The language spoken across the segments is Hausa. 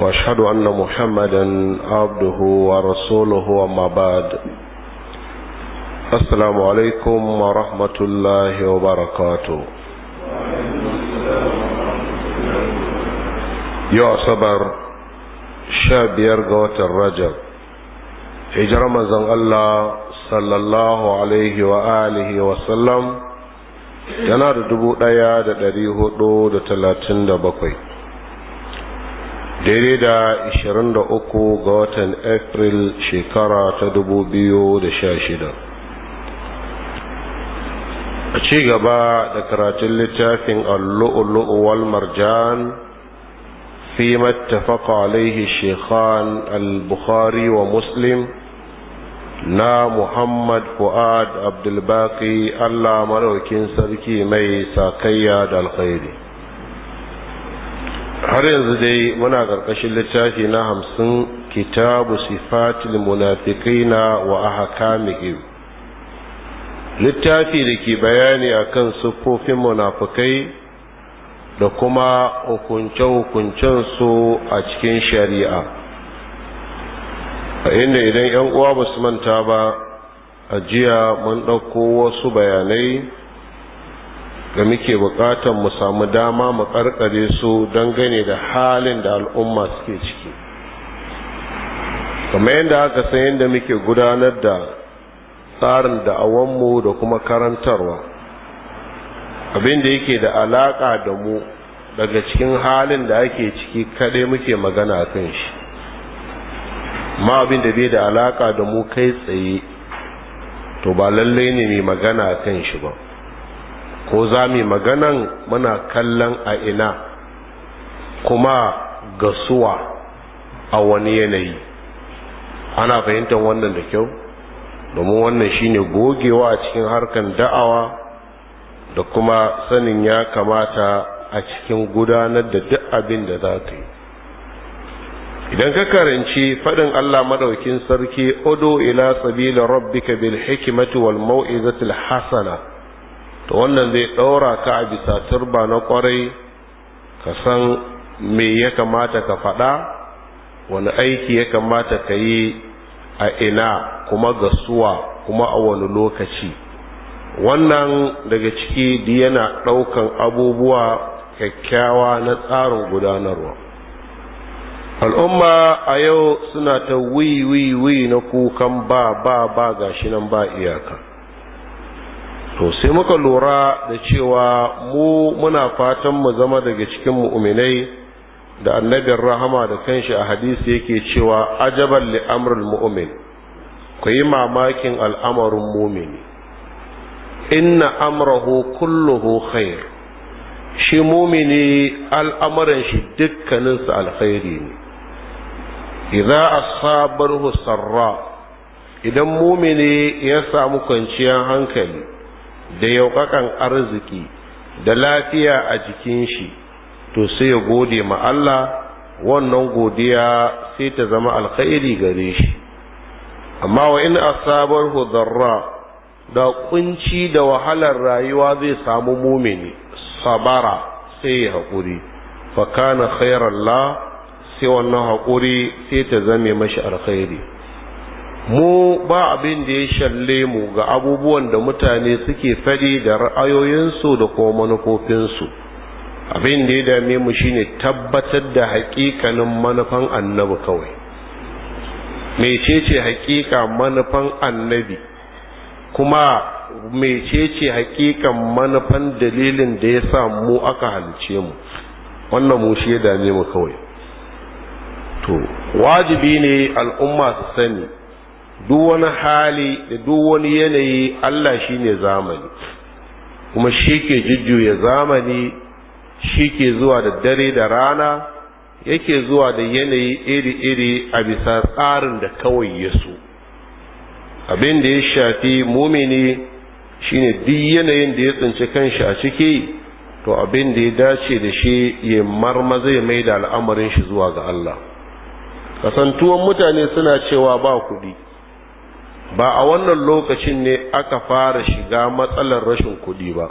واشهد ان محمدا عبده ورسوله وما بعد السلام عليكم ورحمه الله وبركاته يا صبر شابير قوت الرجب هجر مزن الله صلى الله عليه وآله وسلم yana da dubu ɗaya da ɗari hudu da talatin da bakwai daidai da 23 ga watan april shekara ta 2016 a ci gaba da karatun littafin allu'ulu'u wal marjan fi mattafaqa alaihi shekhan al-bukhari wa muslim na muhammad fu'ad abdulbaki allah maraukin sarki mai sakayya da alkhairi har yanzu dai muna ƙarƙashin littafi na hamsin kitabu sifatil na wa ahkamihim littafi da ke bayani a akan siffofin munafikai da kuma hukunce-hukuncen su a cikin shari'a a inda idan 'yan uwa ba su manta ba a jiya mun ɗauko wasu bayanai da muke bukatan mu samu dama mu karkare su dangane da halin da al'umma suke ciki kuma yadda aka san yadda muke gudanar da tsarin da'awanmu da kuma karantarwa abin da yake da alaka da mu daga cikin halin da ake ciki kadai muke magana kan shi ma abin da bai da alaka da mu kai tsaye to ba lallai ne mai magana kan shi ba ko za mu maganan muna kallon a ina kuma gasuwa a wani yanayi ana fahimtar wannan da kyau domin wannan shine gogewa a cikin harkan da'awa da kuma sanin ya kamata a cikin gudanar da duk abin da za ka yi idan ka karanci faɗin Allah maɗaukin sarki odo ila sabila rabbika bil hikmati wal mau'izatil hasana to wannan zai ɗaura ka a bisa turba na kwarai ka san me ya kamata ka faɗa wani aiki ya kamata ka yi a ina kuma ga suwa kuma a wani lokaci wannan daga ciki da yana ɗaukan abubuwa kyakkyawa na tsarin gudanarwa al'umma a yau suna ta wuyi na kukan ba ba ba shi nan ba iyaka to sai muka lura da cewa mu muna fatan mu zama daga cikin mu'minai da annabin rahama da kanshi a hadisi yake cewa ajaban li amrul mu'min ku yi mamakin al'amarin mumini inna amrahu kulluhu khair shi mumini al'amarin shi dukkaninsu alkhairi ne idza asabarhu sarra idan mumini ya samu kwanciyar hankali da yaukakan arziki da lafiya a jikin shi to sai ya gode ma Allah wannan godiya sai ta zama alkhairi gare shi amma wa in asabar hudarra da kunci da wahalar rayuwa zai samu mumini sabara sai ya haƙuri fa kana khairar la sai wannan haƙuri sai ta zame mashi alkhairi mu ba abin da ya shalle mu ga abubuwan da mutane suke faɗi da ra'ayoyinsu da kuma manufofinsu abin da ya dame mu shine tabbatar da haƙiƙanin manufan annabi kawai mecece haƙiƙa manufan annabi kuma mecece haƙiƙan manufan dalilin da ya sa mu aka halice mu wannan mu shi ya dame mu kawai to wajibi ne al'umma su sani duk wani hali da duk wani yanayi Allah shi ne zamani kuma shi ke jujjuya zamani shi ke zuwa da dare da rana yake zuwa da yanayi iri-iri a bisa tsarin da kawai ya so abin da ya shafi mumini shine duk yanayin da ya tsinci kanshi a ciki to abin da ya dace da shi ya marmaza ya mai da al'amarin shi zuwa ga Allah kasantuwan mutane suna cewa ba kuɗi ba a wannan lokacin ne aka fara shiga matsalar rashin kuɗi ba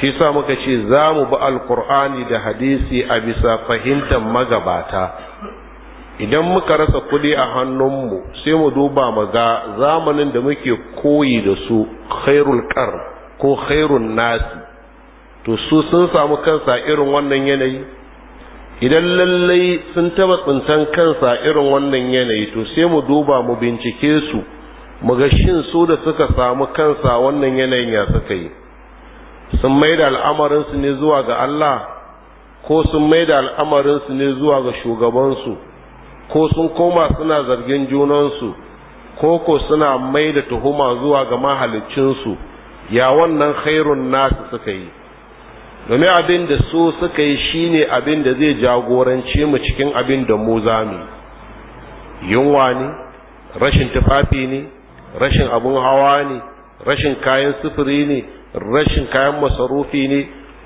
shi sa muka ce za mu bi alkur'ani da hadisi a bisa fahimtar magabata idan muka rasa kuɗi a hannunmu sai mu duba mu ga zamanin da muke koyi da su khairul kar ko khairun nasi to su sun samu kansa irin wannan yanayi idan lallai sun taba tsintan kansa irin wannan yanayi to sai mu duba mu bincike su muga shin su da suka samu kansa wannan yanayin ya suka yi sun maida al'amarinsu ne zuwa ga Allah ko sun maida al'amarinsu ne zuwa ga shugabansu ko sun koma suna zargin junansu ko ko suna maida tuhuma zuwa ga mahalicinsu ya wannan khairun nasu suka yi domin abin da su suka yi shine abin da zai jagorance mu cikin abin da mu zamu yunwa ne rashin tufafi ne rashin abun hawa ne rashin kayan sufuri ne rashin kayan masarufi ne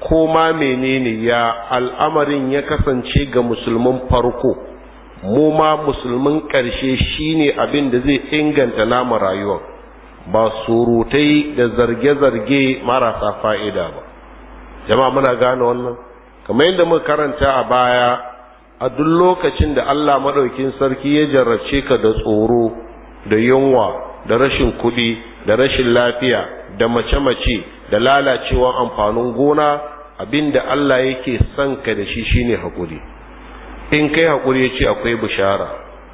ko ma menene ya al'amarin ya kasance ga musulmin farko mu ma musulmin ƙarshe shine abin da zai inganta namu rayuwar ba surutai da zarge-zarge marasa fa'ida ba jama'a muna gane wannan kamar yadda muka karanta a baya a duk lokacin da Allah maɗaukin sarki ya jarrace ka da tsoro da yunwa da rashin kuɗi da rashin lafiya da mace-mace da lalacewan amfanin gona abinda Allah yake son ka da shi shine hakuri. in kai hakuri ya ce akwai bishara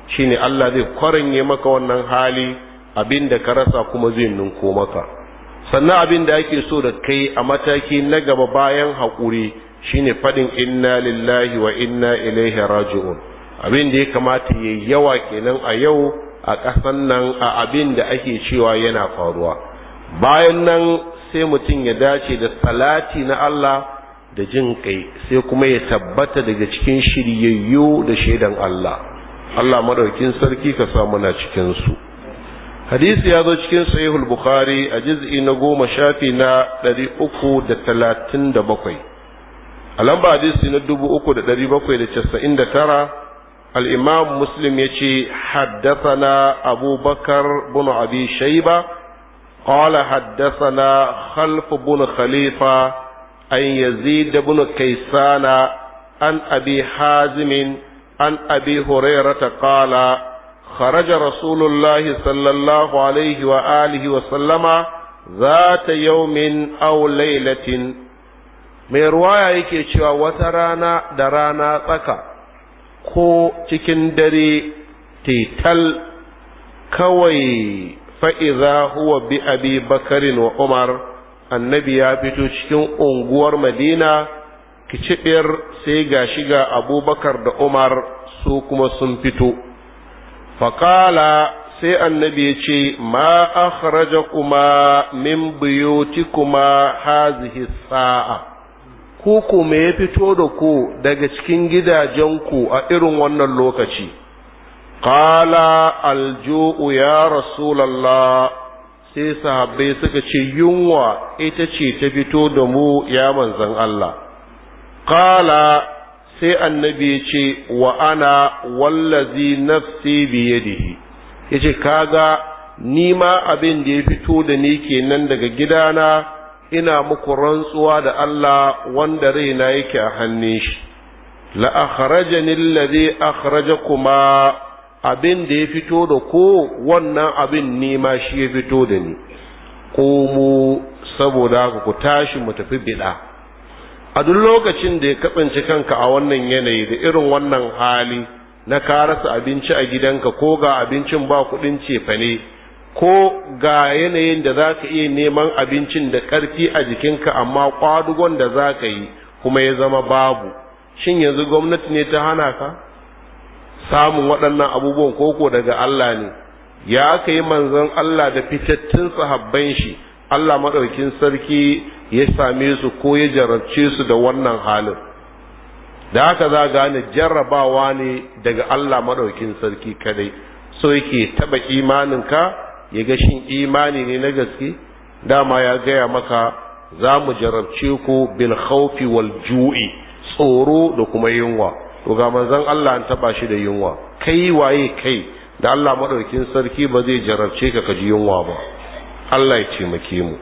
shine Allah zai kwaranye maka wannan hali abinda ka rasa kuma zai ninko maka sannan da ake so da kai a mataki na gaba bayan haƙuri shine faɗin inna lillahi wa inna ilaihi raji'un abin da ya kamata yayi yawa kenan a yau a ƙasan nan a abin da ake cewa yana faruwa bayan nan sai mutum ya dace da salati na Allah da jin kai sai kuma ya tabbata daga cikin shiryayyo da shaidan Allah Allah madaukin sarki ka sa muna cikin su hadisi ya zo cikin sahihul bukhari a juz'i na goma shafi na ɗari uku da a lamba hadisi na dubu uku da ɗari bakwai da casa'in da tara الإمام مسلم يشي حدثنا أبو بكر بن أبي شيبة قال حدثنا خلف بن خليفة أن يزيد بن كيسان عن أبي حازم عن أبي هريرة قال خرج رسول الله صلى الله عليه وآله وسلم ذات يوم أو ليلة mai ruwaya yake cewa wata rana da rana tsaka ko cikin dare tetal kawai fa'iza huwa bi abi bakarin wa umar annabi ya fito cikin unguwar madina kicibiyar sai ga shiga abubakar da umar su kuma sun fito faƙala sai annabi ya ce ma akhrajakuma kuma min buyutikuma kuma hazihi sa'a ku kuma ya fito da ku daga cikin gidajenku a irin wannan lokaci qala alju'u ya rasulullah sai sahabbai suka ce yunwa ita ce ta fito da mu ya manzan Allah qala sai annabi ya ce wa ana wallazi nafsi biyadihi yace kaga ni ma abin da ya fito da ni kenan daga gidana ina muku rantsuwa da Allah wanda raina yake a hannun shi la akhrajani alladhi akhrajakuma abin da ya fito da ko wannan abin nema shi ya fito da ni Ko mu saboda ku tashi mu tafi bida a duk lokacin da ya katsanci kanka a wannan yanayi da irin wannan hali na karasa abinci a gidanka ko ga abincin ba kudin cefane ko ga yanayin da za ka iya neman abincin da ƙarfi a jikinka amma ƙwadugon da za ka yi kuma ya zama babu shin yanzu gwamnati ne ta hana ka samun waɗannan abubuwan koko daga Allah ne ya aka yi manzon Allah da fitattun sahabban shi Allah maɗaukin sarki ya same su ko ya jarabce su da wannan halin da haka za gane jarrabawa ne daga Allah maɗaukin sarki kadai so yake taɓa imaninka ya ga shin imani ne na gaske dama ya gaya maka za mu jarabce ku bil khawfi wal ju'i tsoro da kuma yunwa to ga manzon Allah an taba shi da yunwa kai waye kai da Allah madaukin sarki ba zai jarabce ka kaji yunwa ba Allah ya taimake mu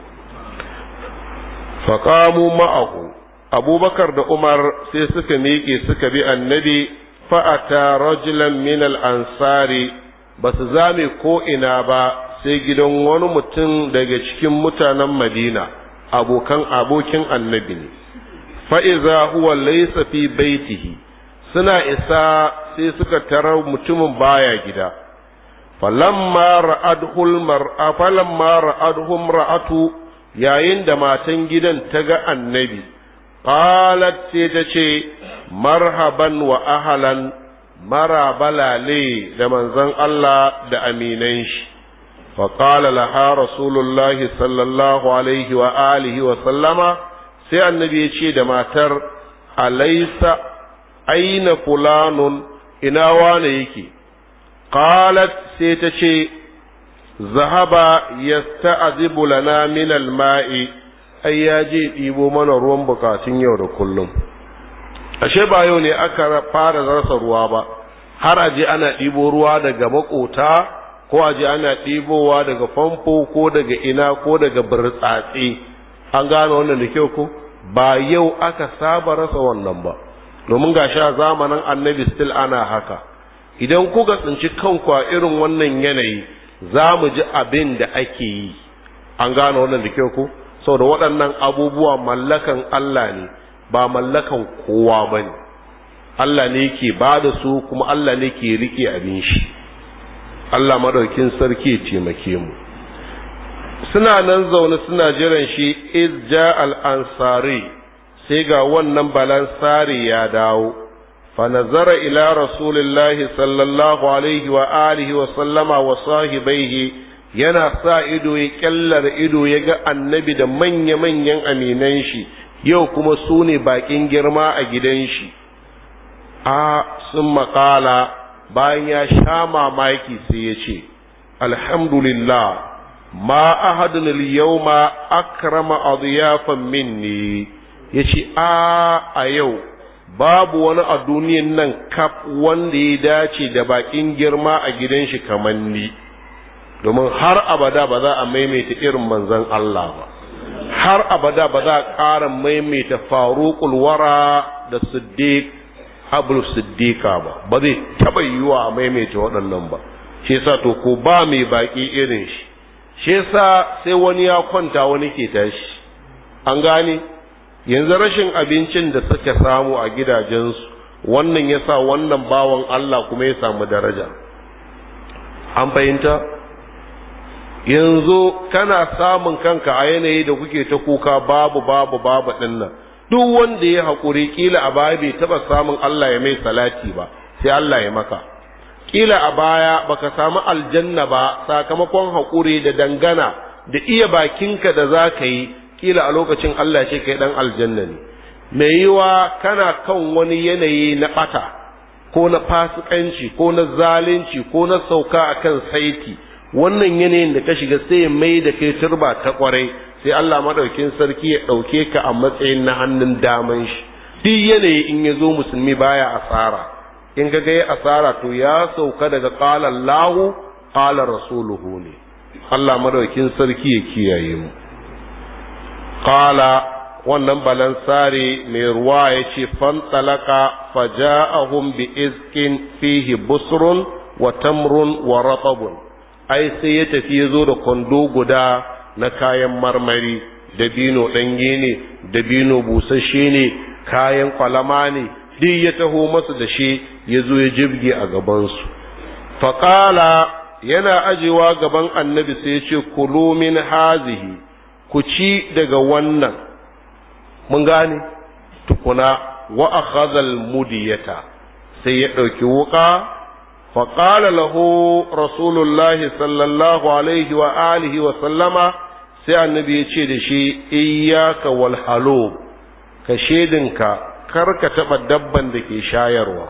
faqamu ma'ahu abubakar da umar sai suka miƙe suka bi annabi fa'ata rajulan min al-ansari basu zame ko ina ba sai gidan wani mutum daga cikin mutanen madina abokan abokin annabi ne fa'iza huwa laisa fi baitihi suna isa sai suka tarar mutumin baya gida falamma ra'adhul mar'a falamma ra'adhum ra'atu yayin da matan gidan ta ga annabi qalat ce ta ce marhaban wa ahlan marabalale da manzon Allah da aminan shi فقال لها رسول الله صلى الله عليه وآله وسلم سي النبي يشي دماتر أليس أين فلان إنا وانا يكي قالت سيتشي ذهب يستعذب لنا من الماء ai ya je ɗibo mana ruwan bukatun yau da kullum ashe ba yau ne aka fara rasa ruwa ba har aje ana ɗibo ruwa daga ko a ji ana ɗibowa daga famfo ko daga ina ko daga burtsatse an gane wannan da kyau ko ba yau aka saba rasa wannan ba domin ga sha zamanin annabi still ana haka idan kuka tsinci kanku a irin wannan yanayi za mu ji abin da ake yi an gane wannan da kyau ko saboda waɗannan abubuwa mallakan Allah ne ba mallakan kowa ba ne Allah ne ke ba da su kuma Allah ne ke riƙe abin shi Allah madaukin sarki ya taimake mu suna nan zaune suna jiran shi izja al-ansari sai ga wannan balansari ya dawo Fa ila rasulillahi sallallahu alaihi wa alihi wa sallama wa sahibaihi yana sa ido ya kyallar ido ya ga annabi da manya-manyan aminan shi yau kuma sune ne bakin girma a gidan shi a sun makala bayan ya sha mamaki sai ya ce alhamdulillah ma ahadun al akrama adiyafan minni ce a a yau babu wani a duniyan nan kaf wanda ya dace da bakin girma a gidan shi kamar ni domin har abada ba za a maimaita irin manzon Allah ba har abada ba za a ƙara maimaita faruƙul wara da siddiq hablu siddiqa ba ba zai taba yiwa a maimaita waɗannan ba shi yasa to ko ba mai baƙi irin shi shi yasa sai wani ya kwanta wani ke tashi an gane yanzu rashin abincin da suka samu a gidajensu wannan ya wannan bawan Allah kuma ya samu daraja an fahimta yanzu kana samun kanka a yanayi da kuke ta kuka babu babu babu ɗinnan duk wanda ya haƙuri kila a baya bai taɓa samun Allah ya mai salati ba sai Allah ya maka kila a baya baka samu aljanna ba sakamakon haƙuri da dangana da iya bakinka da za ka yi Ƙila a lokacin Allah ce kai ɗan aljanna ne mai yiwa kana kan wani yanayi na ɓata ko na fasikanci ko na zalunci ko na sauka akan saiti wannan yanayin da ka shiga sai mai da kai turba ta kwarai sai Allah maɗaukin sarki ya ɗauke ka a matsayin na hannun daman shi duk yanayi in ya zo musulmi baya asara in ga ga asara to ya sauka daga qala lahu qala rasuluhu ne Allah maɗaukin sarki ya kiyaye mu qala wannan balansare mai ruwa ya ce fantsalaka faja'ahum bi izkin fihi busrun wa tamrun wa ratabun ai sai ya tafi ya zo da kwando guda na kayan marmari dabino ɗanye ne dabino busasshe ne kayan kwalama ne duk ya taho masa da shi ya zo ya jibge a gabansu faƙala yana ajewa gaban annabi sai ya ce kulu min hazihi ku ci daga wannan mun gane tukuna wa akhadha mudiyata sai ya ɗauki wuƙa فقال له رسول الله صلى الله عليه وآله وسلم sai annabi ya ce da shi iyyaka wal ka kar ka taɓa dabban da ke shayarwa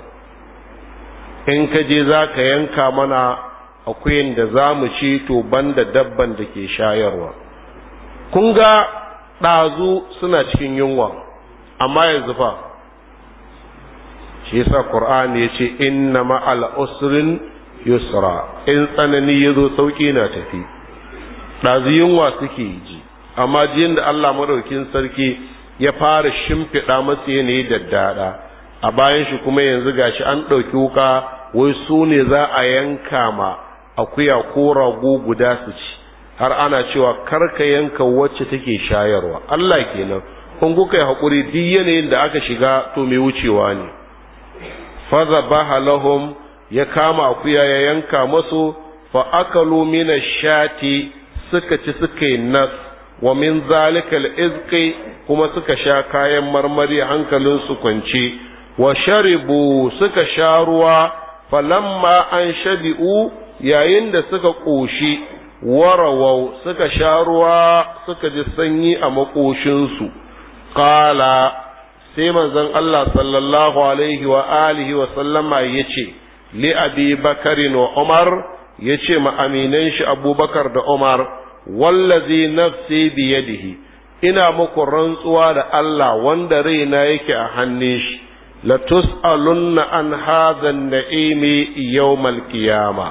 in ka je za ka yanka mana akwai da za mu ci to banda dabban da ke shayarwa kun ga ɗazu suna cikin yunwa amma yanzu fa shi yasa qur'ani yace inna ma'al usri yusra in tsanani yazo sauki na tafi dazu yunwa suke ji amma jiyan da Allah madaukin sarki ya fara shimfiɗa masa yanayi daddada a bayan shi kuma yanzu gashi an ɗauki wuka wai su ne za a yanka ma akuya ko rago guda su ci har ana cewa karka yanka wacce take shayarwa Allah kenan kun kuka yi haƙuri duk yanayin da aka shiga to mai wucewa ne fazabaha lahum ya kama akuya ya yanka musu fa akalu min shati suka ci suka yi nas wa min zalikal izqi kuma suka sha kayan marmari hankalin su kwance wa sharibu suka sha ruwa falamma an shabi'u yayin da suka koshi warawau suka sha ruwa suka ji sanyi a maƙoshinsu ƙala sai manzon Allah sallallahu alaihi wa alihi wa sallama yace li abi bakarin wa umar yace ma aminan shi abubakar da umar wallazi nafsi biyadihi ina muku rantsuwa da Allah wanda raina yake a hannun shi la tus'alunna an hadha an-na'imi yawmal qiyama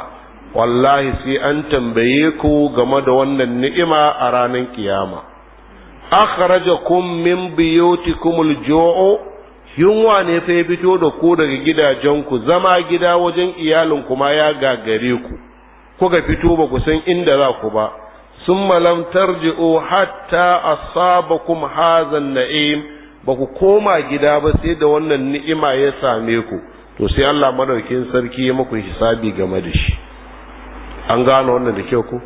wallahi sai an tambaye ku game da wannan ni'ima a ranar kiyama akhrajakum min biyutikum al-ju'u yunwa ne fa ya fito da ku daga gidajen ku zama gida wajen iyalin ma ya gagare ku ga fito ba ku san inda za ku ba summa lam tarji'u hatta asabakum hadha an-na'im ba ku koma gida ba sai da wannan ni'ima ya same ku to sai Allah madaukin sarki ya muku hisabi game da shi an gano wannan da kyau ku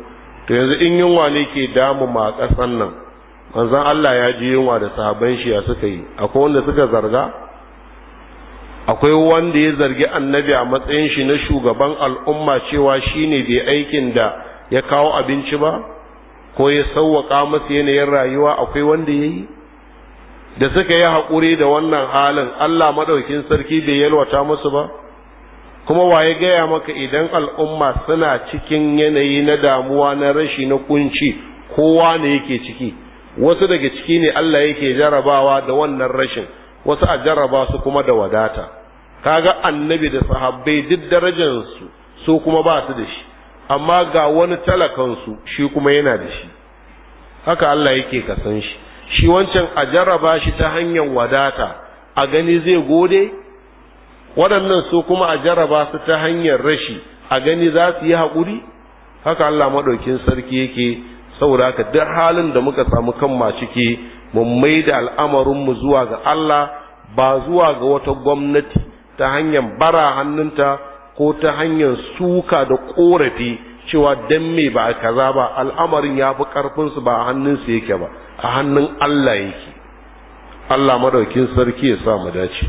to yanzu in yunwa ne ke damu ma kasan nan manzan Allah ya ji yunwa da sahabban shi ya suka yi akwai wanda suka zarga akwai wanda ya zargi annabi a matsayin shi na shugaban al'umma cewa shi ne bai aikin da ya kawo abinci ba ko ya sauwaka masa yanayin rayuwa akwai wanda ya yi da suka yi haƙuri da wannan halin Allah maɗaukin sarki bai yalwata musu ba kuma waye gaya maka idan al'umma suna cikin yanayi na damuwa na rashi na kunci kowa ne yake ciki wasu daga ciki ne Allah yake jarabawa da wannan rashin wasu a jarraba su kuma da wadata kaga annabi da sahabbai duk darajar su su kuma ba su da shi amma ga wani talakan su shi kuma yana da shi haka Allah yake kasan shi shi wancan a jarraba shi ta hanyar wadata a gani zai gode waɗannan su kuma a jarraba su ta hanyar rashi a gani za su yi haƙuri haka Allah maɗaukin sarki yake saboda haka duk halin da muka samu kan ma ciki mun maida al'amarinmu zuwa ga Allah ba zuwa ga wata gwamnati ta hanyar bara hannunta ko ta hanyar suka da korafi cewa dan me ba kaza ba al'amarin ya fi su ba a hannunsu yake ba a hannun Allah yake Allah madaukin sarki ya sa mu dace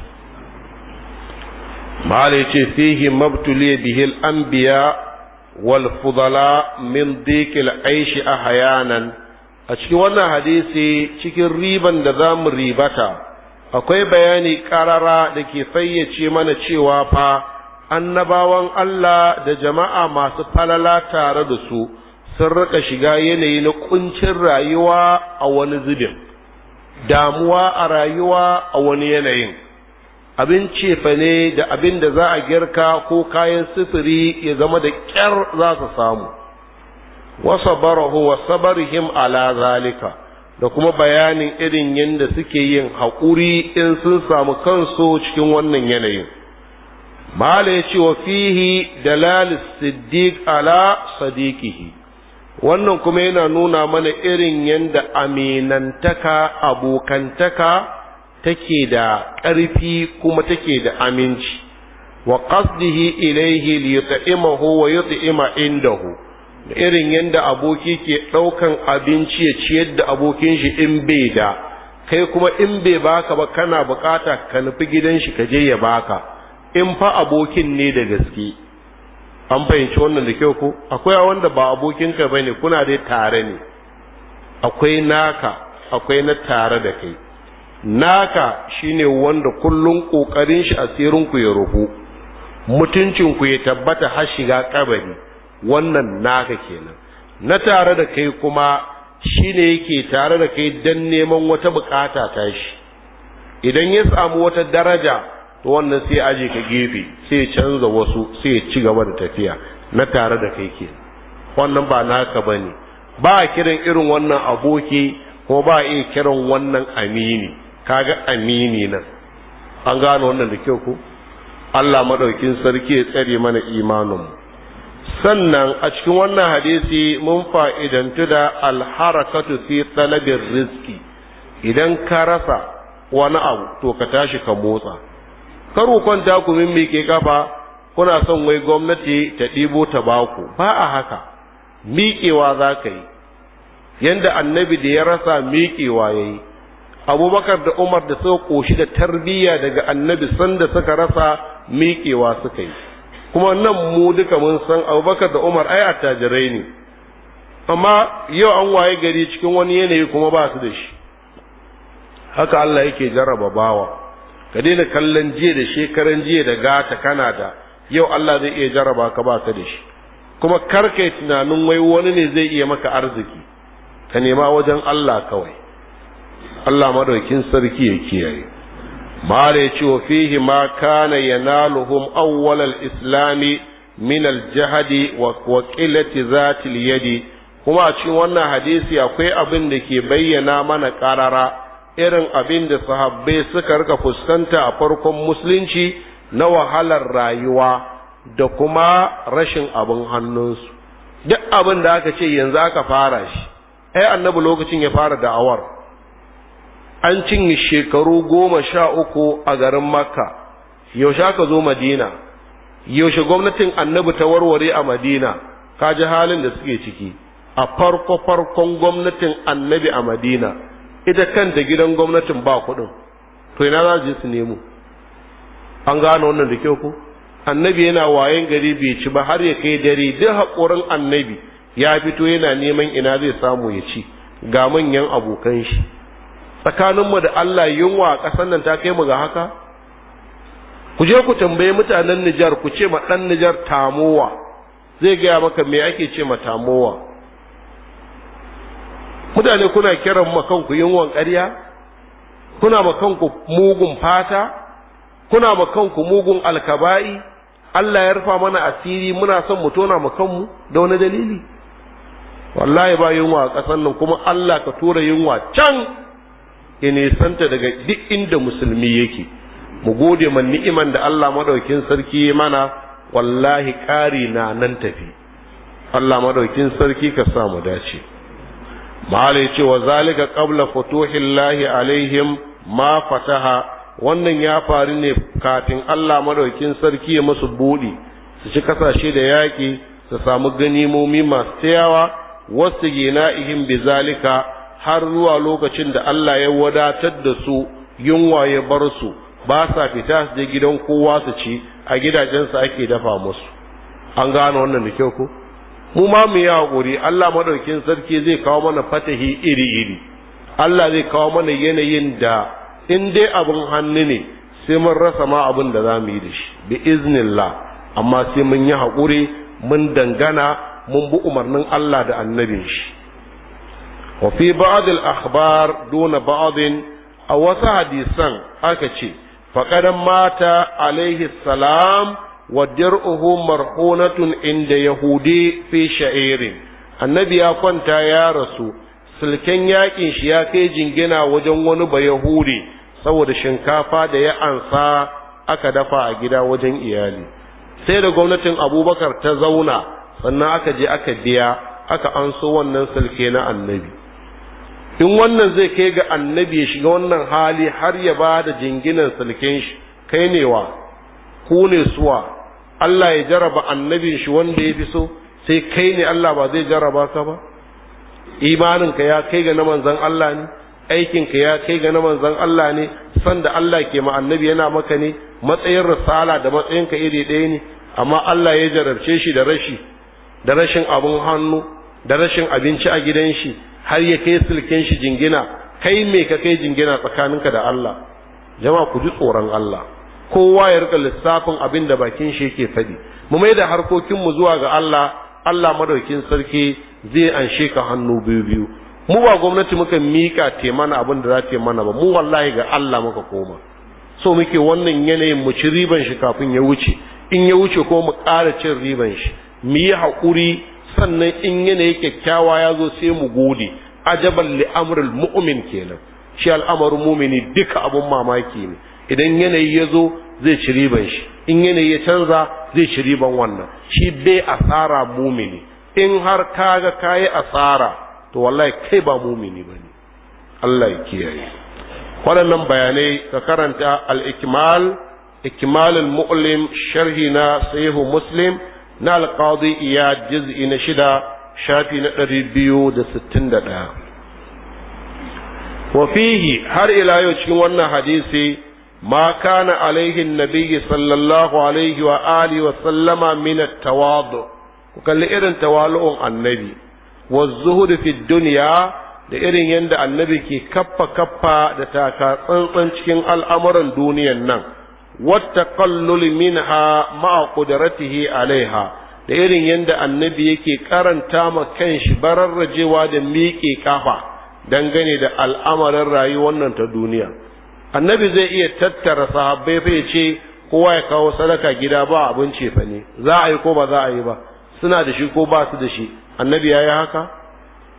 malai ce fihi mabtuli bihil anbiya Walfuzala min dikil aishi nan, a cikin wannan hadisi cikin riban da za mu ribata akwai bayani ƙarara da ke fayyace mana cewa fa annabawan Allah da jama'a masu falala tare da su sun rika shiga yanayi na kuncin rayuwa a wani zubin damuwa a rayuwa a wani yanayin abin cefa ne da abin da za a girka ko kayan sufuri ya zama da kyar za su samu wasa barahu wa sabarihim ala zalika da kuma bayanin irin yadda suke yin haƙuri in sun samu kansu cikin wannan yanayin mala ya ce wa fihi dalal siddiq ala sadiqihi wannan kuma yana nuna mana irin yadda aminantaka abokantaka take da ƙarfi kuma take da aminci wa qasdihi ilayhi li yut'imahu wa yut'ima indahu irin yanda aboki ke ɗaukan abinci ya ciyar da abokin shi in bai da kai kuma in bai baka ba kana bukata ka nufi gidan shi ka je ya baka in fa abokin ne da gaske an fahimci wannan da kyau ko akwai wanda ba abokin ka bane kuna dai tare ne akwai naka akwai na tare da kai naka shine wanda kullun kokarin shi asirin ku ya rufu mutuncin ya tabbata har shiga kabari wannan naka kenan na tare da kai kuma shine yake tare da kai dan neman wata bukata ta shi idan ya samu wata daraja to wannan sai aje ka gefe sai canza wasu sai ya ci gaba da tafiya na tare da kai ke wannan ba naka bane ba kiran irin wannan aboki ko ba iya kiran wannan amini kaga amini nan an gano wannan da kyau ko Allah madaukin sarki ya tsare mana imanin mu sannan a cikin wannan hadisi mun fa'idantu da alharakatu fi talabir rizqi idan ka rasa wani abu to ka tashi ka motsa karu kwanta ku mimmike kafa kuna son wai gwamnati ta ɗibo ta baku ba a haka miƙewa za ka yi yadda annabi da ya rasa miƙewa ya yi abubakar da umar da suka ƙoshi da tarbiyya daga annabi sanda suka rasa miƙewa suka yi kuma nan mu duka mun san abubakar da umar ai attajirai ne amma yau an waye gari cikin wani yanayi kuma ba su da shi haka Allah yake jarraba bawa ka daina kallon jiya da shekaran jiya da gata kana da yau Allah zai iya jarraba ka ba ka da shi kuma karkai tunanin wai wani ne zai iya maka arziki ka nema wajen Allah kawai Allah madaukin sarki ya kiyaye mare ya ce wa fihi ma kana yanaluhum awwal al-islami min al-jahdi wa qillati zati al-yadi kuma a cikin wannan hadisi akwai abin da ke bayyana mana karara irin abin da sahabbai suka rika fuskanta a farkon musulunci na wahalar rayuwa da kuma rashin abin hannunsu duk abin da aka ce yanzu aka fara shi ai annabi lokacin ya fara da'awar an cinye shekaru goma sha uku a garin makka yaushe aka zo madina yaushe gwamnatin annabi ta warware a madina kaji halin da suke ciki a farko farkon gwamnatin annabi a madina ita kanta gidan gwamnatin ba kuɗin to ina za su nemo an gane wannan da kyau ko annabi yana wayan gari bai ci ba har ya kai dare duk haƙurin annabi ya fito yana neman ina zai samu ya ci ga manyan abokan shi tsakaninmu da Allah yunwa a ƙasar nan ta kai mu ga haka ku je ku tambaye mutanen Nijar ku ce ma ɗan Nijar tamowa zai gaya maka me ake ce ma tamowa mutane kuna kiran ma kanku yunwan ƙarya kuna ma mugun fata kuna ma kanku mugun alkaba'i Allah ya rufa mana asiri muna son mu tona mu da wani dalili wallahi ba yunwa a ƙasar nan kuma Allah ka tura yunwa can ya nisanta daga duk inda musulmi yake mu gode man ni'iman da Allah madaukin sarki ya mana wallahi ƙari na nan tafi Allah madaukin sarki ka sa mu dace malai ce wa zalika qabla llahi alaihim ma fataha wannan ya faru ne kafin Allah madaukin sarki ya masu buɗi su ci kasashe da yaƙi su samu ganimomi masu tayawa wasu gina ihin bi zalika har zuwa lokacin da Allah ya wadatar da su yunwa ya bar su ba sa fita su je gidan kowa su ci a gidajensu ake dafa musu an gano wannan da kyau ko mu ma mu yi hakuri Allah madaukin sarki zai kawo mana fatahi iri iri Allah zai kawo mana yanayin da in dai abin hannu ne sai mun rasa ma abin da za mu yi da shi bi iznillah amma sai mun yi hakuri mun dangana mun bi umarnin Allah da annabin shi wa fi ba'd al akhbar duna ba'd a wasu hadisan aka ce faqad mata alaihi salam wa dir'uhu marhunatun inda yahudi fi sha'irin annabi ya kwanta ya rasu silken yakin shi ya kai jingina wajen wani bayahuri saboda shinkafa da ya ansa aka dafa a gida wajen iyali sai da gwamnatin abubakar ta zauna sannan aka je aka biya aka anso wannan silke na annabi in wannan zai kai ga annabi ya shiga wannan hali har ya ba da jinginan sulken shi kai ne wa ku ne suwa Allah ya jaraba annabin shi wanda ya fi so sai kai ne Allah ba zai jaraba ka ba imaninka ya kai ga na manzon Allah ne aikinka ya kai ga na manzan Allah ne san da Allah ke ma annabi yana maka ne matsayin risala da matsayinka iri ɗaya ne amma Allah ya jarabce shi da rashi da rashin abun hannu da rashin abinci a gidan shi har ya kai silken shi jingina kai me ka kai jingina tsakaninka da Allah jama ku ji tsoron Allah kowa ya rika lissafin abin da bakin shi yake faɗi mu mai da harkokin mu zuwa ga Allah Allah madaukin sarki zai anshe ka hannu biyu biyu mu ba gwamnati muka mika te mana abin da za ta mana ba mu wallahi ga Allah muka koma so muke wannan yanayin mu ci riban shi kafin ya wuce in ya wuce ko mu ƙara cin riban shi mu yi haƙuri sannan in yanayi kyakkyawa ya zo sai mu gode ajaban amrul mu'min kenan shi al'amarin mumini duka abun mamaki ne idan yanayi ya zo zai ci riban shi in yanayi ya canza zai ci riban wannan shi bai asara mumini in har kaga kayi asara to wallahi kai ba mumini bane Allah ya kiyaye waɗannan bayanai ka karanta al-ikmal ikmal ikmalul mulim sharhi na sahihu muslim na alqadi iya juz'i na shida shafi na ɗari biyu da sittin da ɗaya wafihi har ila yau cikin wannan hadisi ma kana alaihi nabiyyi sallallahu alaihi wa alihi wa sallama min tawadu ku kalli irin tawalu'un annabi wa zuhudu fi dunya da irin yadda annabi ke kaffa kaffa da taka tsantsan cikin al'amuran duniyan nan wattaqallul minha ma'a qudratihi alaiha da irin yadda annabi yake karanta ma kanshi bararrajewa da miƙe kafa dangane da al'amarin rayuwar nan ta duniya annabi zai iya tattara sahabbai fa ya ce kowa ya kawo sadaka gida ba abin cefa ne za a yi ko ba za a yi ba suna da shi ko ba su da shi annabi ya yi haka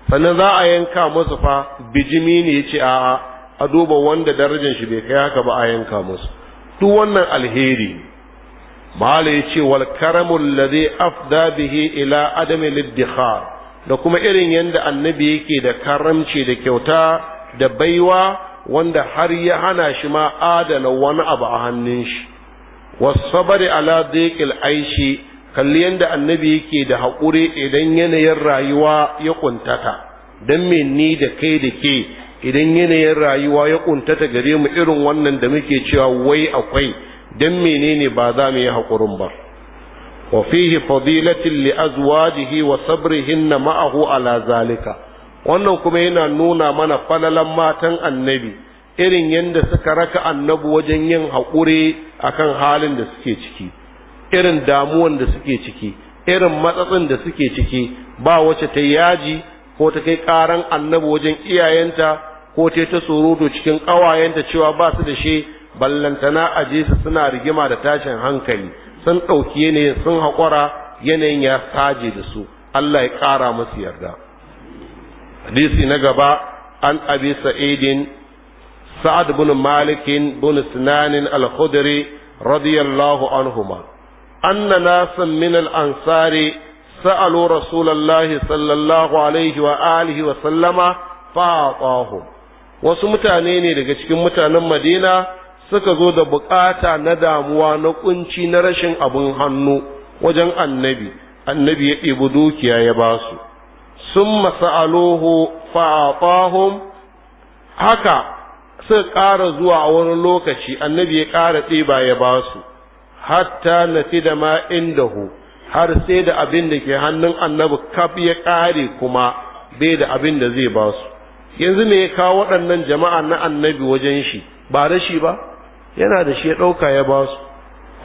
sannan za a yanka musu fa bijimi ne ya ce a'a a duba wanda darajar shi bai kai haka ba a yanka musu duk wannan alheri mala ya ce wal karamul ladhi afda bihi ila adami liddikhar da kuma irin yadda annabi yake da karamci da kyauta da baiwa wanda har ya hana shi ma adana wani abu a hannun shi wasabari ala dhiqil aishi kalli yadda annabi yake da haƙuri idan yanayin rayuwa ya kuntata dan me ni da kai da ke idan yanayin rayuwa ya kuntata gare mu irin wannan da muke cewa wai akwai dan menene ba za mu yi hakurin ba wa fihi fadilatin li azwajihi wa sabrihinna ma'ahu ala zalika wannan kuma yana nuna mana falalan matan annabi irin yanda suka raka annabi wajen yin hakuri akan halin da suke ciki irin damuwan da suke ciki irin matsatsin da suke ciki ba wace ta yaji ko ta kai ƙaran annabi wajen iyayenta ko ce ta surutu cikin ƙawayenta cewa ba su da shi ballantana a su suna rigima da tashin hankali sun ɗauki yanayin sun haƙura yanayin ya saje da su Allah ya ƙara musu yarda hadisi na gaba an abi sa'idin sa'ad bin malikin bin sinanin al-khudri radiyallahu anhuma anna nasan min al-ansari sa'alu rasulullahi sallallahu alaihi wa alihi wa sallama fa wasu mutane ne daga cikin mutanen madina suka zo da bukata na damuwa na kunci na rashin abin hannu wajen annabi annabi ya ɗebi dukiya ya ba su sun alohu fa'afahun haka suka ƙara zuwa a wani lokaci annabi ya ƙara ɗeba ya ba su hatta na fi da ma hu har sai da abin da ke hannun annabi kaf ya ƙare kuma bai da abin da zai ba su yanzu me ya kawo waɗannan jama'a na annabi wajen shi ba da shi ba yana da shi ya ɗauka ya ba su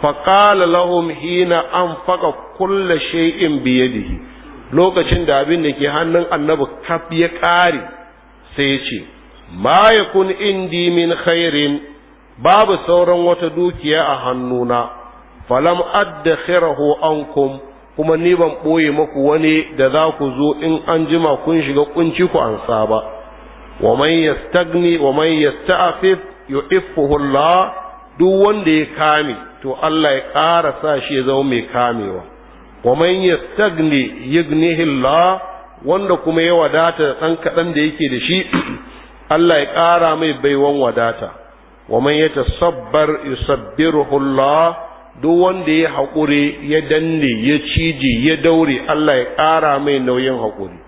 faƙala lahum hina an faƙa kulla shay'in biyadihi lokacin da abin da ke hannun annabi kaf ya ƙare sai ya ce ma yakun indi min khairin babu sauran wata dukiya a hannuna falam khirahu ankum kuma ni ban ɓoye maku wani da za ku zo in an jima kun shiga kunci ku ansa ba wa man yastagni wa man yasta'fif duk wanda ya kame to Allah ya ƙara sa shi ya zama mai kamewa wa man yastagni yughnihi wanda kuma ya wadata ɗan kaɗan da yake da shi Allah ya ƙara mai baiwan wadata wa man yatasabbar yusabbiruhu duk wanda ya haƙuri ya danne ya cije ya daure Allah ya ƙara mai nauyin haƙuri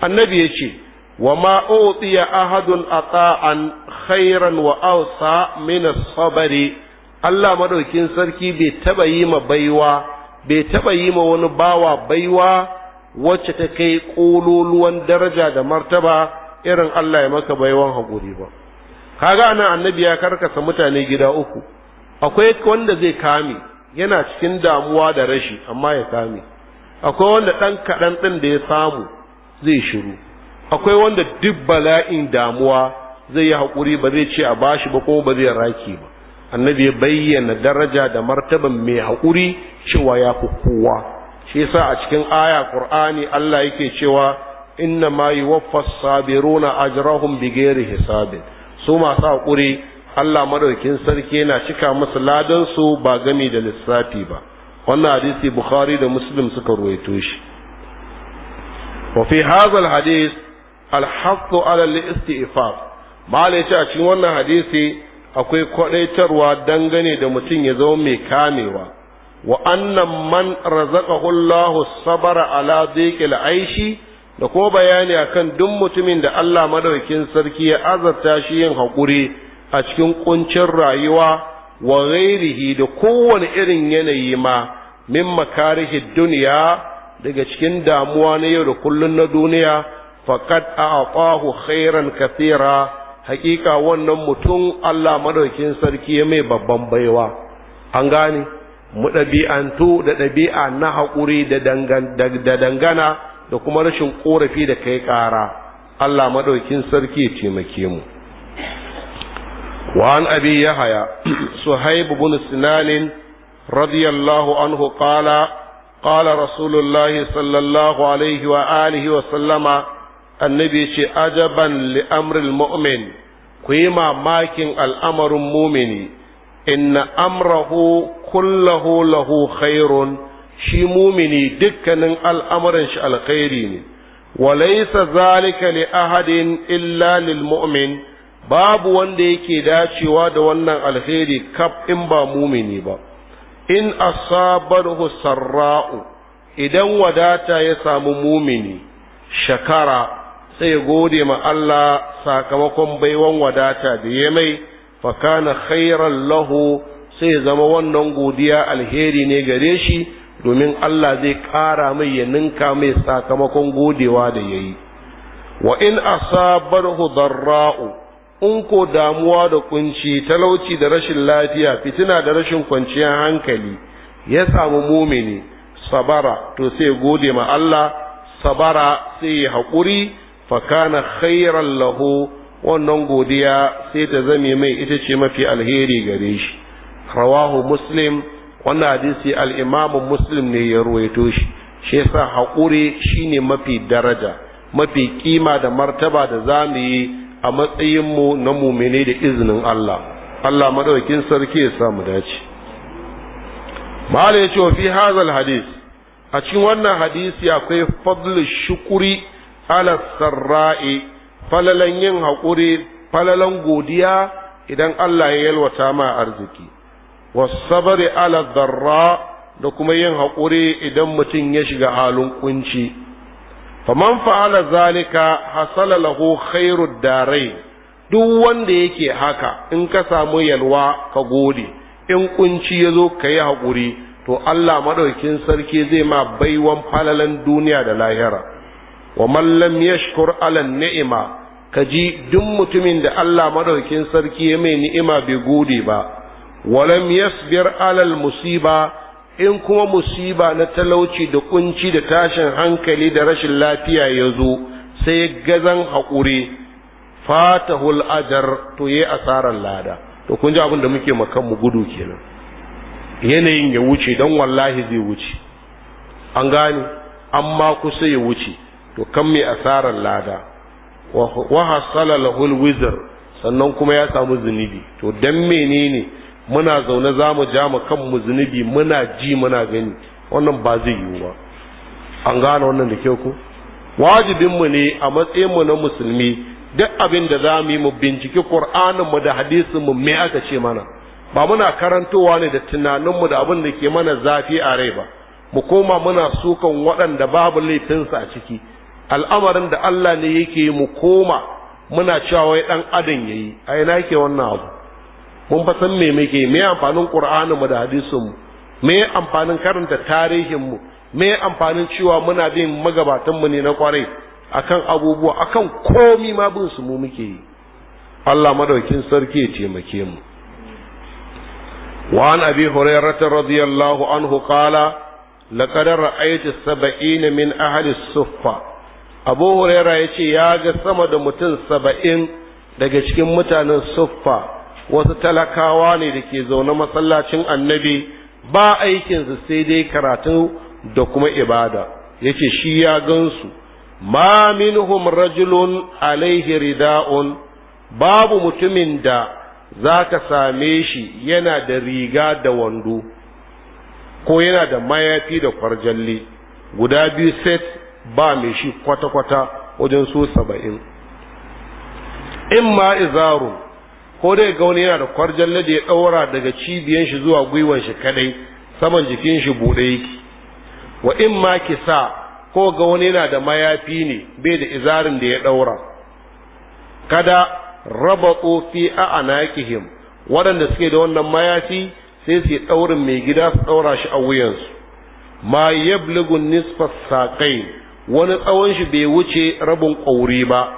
annabi ya ce wa ma utiya ahadun ata'an khairan wa awsa min as Allah madaukin sarki bai taba yi ma baiwa bai taba yi ma wani bawa baiwa wacce ta kai ƙololuwan daraja da martaba irin Allah ya maka baiwan hakuri ba kaga anan annabi ya karkasa mutane gida uku akwai wanda zai kame yana cikin damuwa da rashi amma ya kame akwai wanda ɗan kaɗan ɗin da ya samu zai shiru akwai wanda duk bala'in damuwa zai yi haƙuri ba zai ce a bashi ba ko ba zai raki ba annabi ya bayyana daraja da martaban mai haƙuri cewa ya fi kowa shi yasa a cikin aya qur'ani Allah yake cewa inna ma yuwaffas sabiruna ajrahum bighairi hisabin su masu haƙuri Allah madaukin sarki yana cika musu ladan su ba gami da lissafi ba wannan hadisi bukhari da muslim suka ruwaito shi wa fi hadha hadith alhaqqu ala al-istighfar malai ce a cikin wannan hadisi akwai kwaɗaitarwa dangane da mutum ya zama mai kamewa wa annan man razaqahu Allah sabara ala dhiqil aishi da ko bayani akan duk mutumin da Allah madaukakin sarki ya azarta shi yin hakuri a cikin kuncin rayuwa wa ghairihi da kowane irin yanayi ma min makarihi duniya daga cikin damuwa na yau da kullun na duniya a a'tahu khairan kathira haƙiƙa wannan mutum Allah madaukin sarki ya mai babban baiwa an gane mu ɗabi'antu da ɗabi'a na haƙuri da dangana da kuma rashin ƙorafi da kai ƙara Allah maɗaukin sarki ya taimake mu وعن أبي يحيى صهيب بن سنان رضي radiyallahu anhu قال قال rasulullahi sallallahu صلى wa alihi wa sallama annabi ce ajaban li amril mu'min ku yi mamakin al'amarin mumini inna amrahu kullahu lahu khairun shi mumini dukkanin al'amarin shi alkhairi ne walaisa zalika li ahadin illa lil mu'min babu wanda yake dacewa da wannan alkhairi kaf in ba mumini ba in asabahu sarra'u idan wadata ya samu mumini shakara sai ya gode ma Allah sakamakon baiwan wadata da ya mai fakana khairan lahu sai zama wannan godiya alheri ne gare shi domin Allah zai kara mai ya ninka mai sakamakon godewa da ya yi wa in asabarhu darra'u in ko damuwa da kunci talauci da rashin lafiya fitina da rashin kwanciyar hankali ya samu mumini sabara to sai gode ma Allah sabara sai ya haƙuri fakana khairan lahu wannan godiya sai ta zame mai ita ce mafi alheri gare shi rawahu muslim wannan hadisi al'imamin muslim ne ya ruwaito shi shi yasa haƙuri shine mafi daraja mafi kima da martaba da za mu yi a matsayinmu na mumine da izinin Allah Allah madaukin sarki ya samu dace mala ya ce wa fi hadis a cikin wannan hadisi akwai fadlul shukuri ala sarra'i falalan yin haƙuri falalan godiya idan Allah ya yalwata ma arziki wasabari ala darra da kuma yin haƙuri idan mutum ya shiga halin kunci faman fa'ala zalika hasala lahu khairud darai duk wanda yake haka in ka samu yalwa ka gode in kunci ya zo ka yi haƙuri to Allah maɗaukin sarki zai ma baiwan falalan duniya da lahira wa man lam yashkur ala ni'ima kaji duk mutumin da Allah madaukin sarki ya mai ni'ima bai gode ba wa lam yasbir ala musiba in kuma musiba na talauci da kunci da tashin hankali da rashin lafiya ya zo sai gazan haƙuri fatahul ajar to yi asarar lada to kun ji abin da muke mu gudu kenan yanayin ya wuce don wallahi zai wuce an gane amma kusa ya wuce to kan mai asarar lada wa hasala lahul sannan kuma ya samu zunubi to dan menene muna zaune za mu ja mu kan mu zunubi muna ji muna gani wannan ba zai yiwu ba an gane wannan da kyau ko wajibinmu ne a mu na musulmi duk abin da za mu yi mu binciki mu da mu me aka ce mana ba muna karantowa ne da tunanin mu da abin da ke mana zafi a rai ba mu koma muna sukan waɗanda babu laifinsa a ciki al'amarin da Allah ne yake mu koma muna cewa wai dan adam yayi a ina yake wannan abu mun fa san me muke me amfanin qur'ani mu da hadisin mu me amfanin karanta tarihin mu me amfanin cewa muna bin magabatan mu ne na kwarai akan abubuwa akan komi ma bin su mu muke yi Allah madaukin sarki ya taimake mu وعن أبي هريرة رضي الله عنه قال لقد رأيت السبعين من أهل الصفة abu huraira ya ce ya ga sama da mutum saba'in daga cikin mutanen suffa wasu talakawa ne da ke zaune masallacin annabi ba aikinsu sai dai karatu da kuma ibada ya ce shi ya gansu ma minhum rajulun alaihi rida'un babu mutumin da za ka same shi yana da riga da wando ko yana da mayafi da kwarjalli guda biyu set ba mai shi kwata-kwata wajen so saba'in in ma izaru, ko dai ga wani yana da kwarjalle da ya ɗaura daga cibiyan shi zuwa gwiwan shi kadai saman jikin shi buɗe yake wa in ma kisa ko ga wani yana da mayafi ne bai da izarin da ya ɗaura kada raba fi a anakihim waɗanda suke da wannan mayafi sai su yi ɗaurin mai gida su ɗaura shi a wuyansu ma yablugu nisfa saƙai wani tsawon shi bai wuce rabin ƙauri ba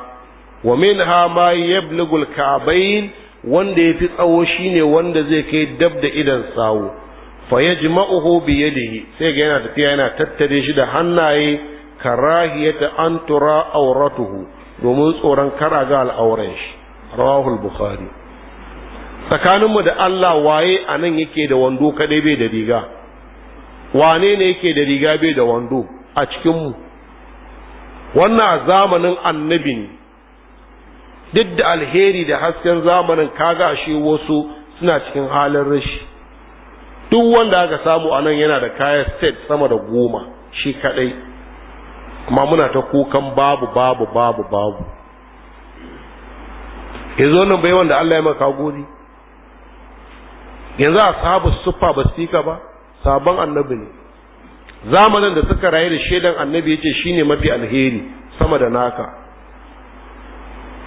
wa ha ma yabLugul kabayn wanda yafi tsawo shine wanda zai kai dab da idan sawo fa yajma'uhu bi yadihi sai ga yana tafiya yana tattare shi da hannaye karahiyata an tura auratuhu domin tsoron kara ga al'auran shi rawahul bukhari tsakaninmu da Allah waye a nan yake da wando kadai bai da riga wane ne yake da riga bai da wando a cikin mu wannan zamanin annabi ne duk da alheri da hasken zamanin kaga ashe wasu suna cikin halin rashi duk wanda aka samu a nan yana da kayan set sama da goma shi kadai kuma muna ta kukan babu babu babu babu Ya zo nan bai wanda Allah ya maka gori yanzu a sabu sufa ba ba sabon annabi ne zamanin da suka rayu da shaidan annabi yace shine mafi alheri sama da naka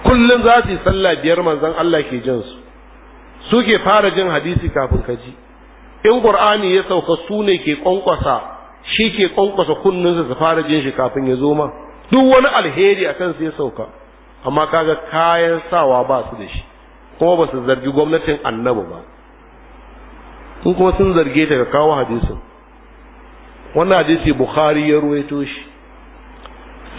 kullum za su yi sallah biyar manzon Allah ke jin su suke fara jin hadisi kafin ka ji in qur'ani ya sauka su ke kwankwasa shi ke kwankwasa kunnun su fara jin shi kafin ya zo ma duk wani alheri akan su ya sauka amma kaga kayan sawa ba su da shi kuma ba su zargi gwamnatin annabi ba in kuma sun zarge ta ka kawo hadisin wannan hadisi bukhari ya ruwaito shi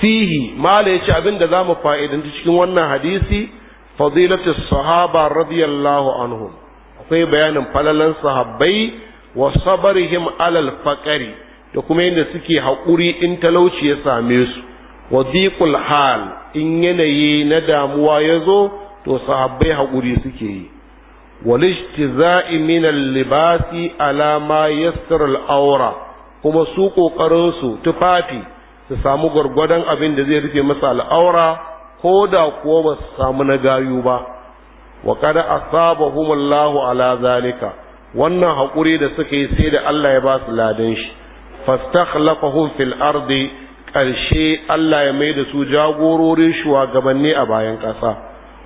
fihi mala yace abin da zamu fa'idanta cikin wannan hadisi fadilatu sahaba radiyallahu anhum akwai bayanin falalan sahabbai wa sabarihim alal faqari da kuma yadda suke haƙuri in talauci ya same su wa dhiqul hal in yanayi na damuwa ya zo to sahabbai haƙuri suke yi wal ijtiza'i min al-libasi ala ma yassara al-awra kuma su ƙoƙarinsu tufafi su samu gwargwadon abin da zai rufe masa al'aura ko da kuwa ba su samu na gayu ba wa kada asaba Allahu ala zalika wannan haƙuri da suka yi sai da Allah ya ba su ladan shi fastakhlafahum fil ardi ƙarshe Allah ya mai da su jagororin shugabanni a bayan ƙasa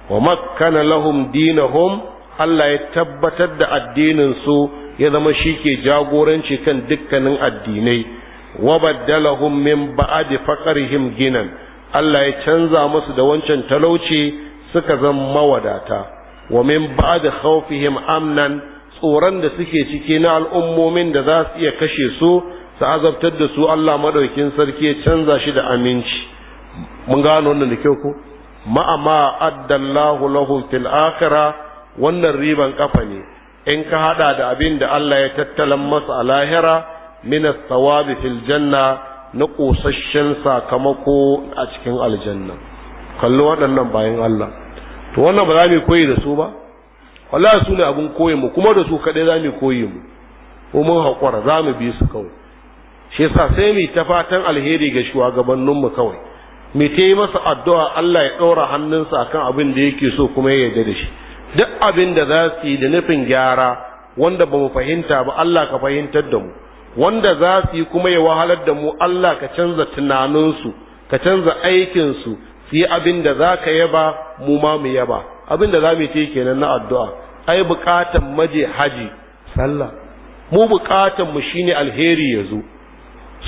wa makkana lahum dinahum Allah ya tabbatar da addinin su ya zama shi ke jagoranci kan dukkanin addinai wa baddalahum min ba'di faqrihim ginan Allah ya canza musu da wancan talauci suka zama mawadata wa min ba'di khawfihim amnan tsoron da suke ciki na al'ummomin da za su iya kashe su su azabtar da su Allah madaukin sarki ya canza shi da aminci mun gano wannan da kyau ko ma'ama addallahu lahu fil akhirah wannan riban kafa ne in ka hada da abin da Allah ya tattalan masa a lahira min thawabi fil janna na kosasshen sakamako a cikin aljanna kallo waɗannan bayan Allah to wannan ba za mu koyi da su ba wallahi su ne abin koyi mu kuma da su kaɗai za mu koyi mu ko mun haƙura za mu bi su kawai shi yasa sai mu ta fatan alheri ga mu kawai mu ta yi masa addu'a Allah ya ɗora hannunsa akan abin da yake so kuma ya yarda da shi duk abin da za su yi da nufin gyara wanda ba mu fahimta ba Allah ka fahimtar da mu wanda za su yi kuma ya wahalar da mu Allah ka canza tunaninsu ka canza aikinsu su yi abin da za ka yaba mu ma mu yaba abin da za mu ce kenan na addu'a ai bukatan maje haji sallah mu bukatan mu shine alheri ya zo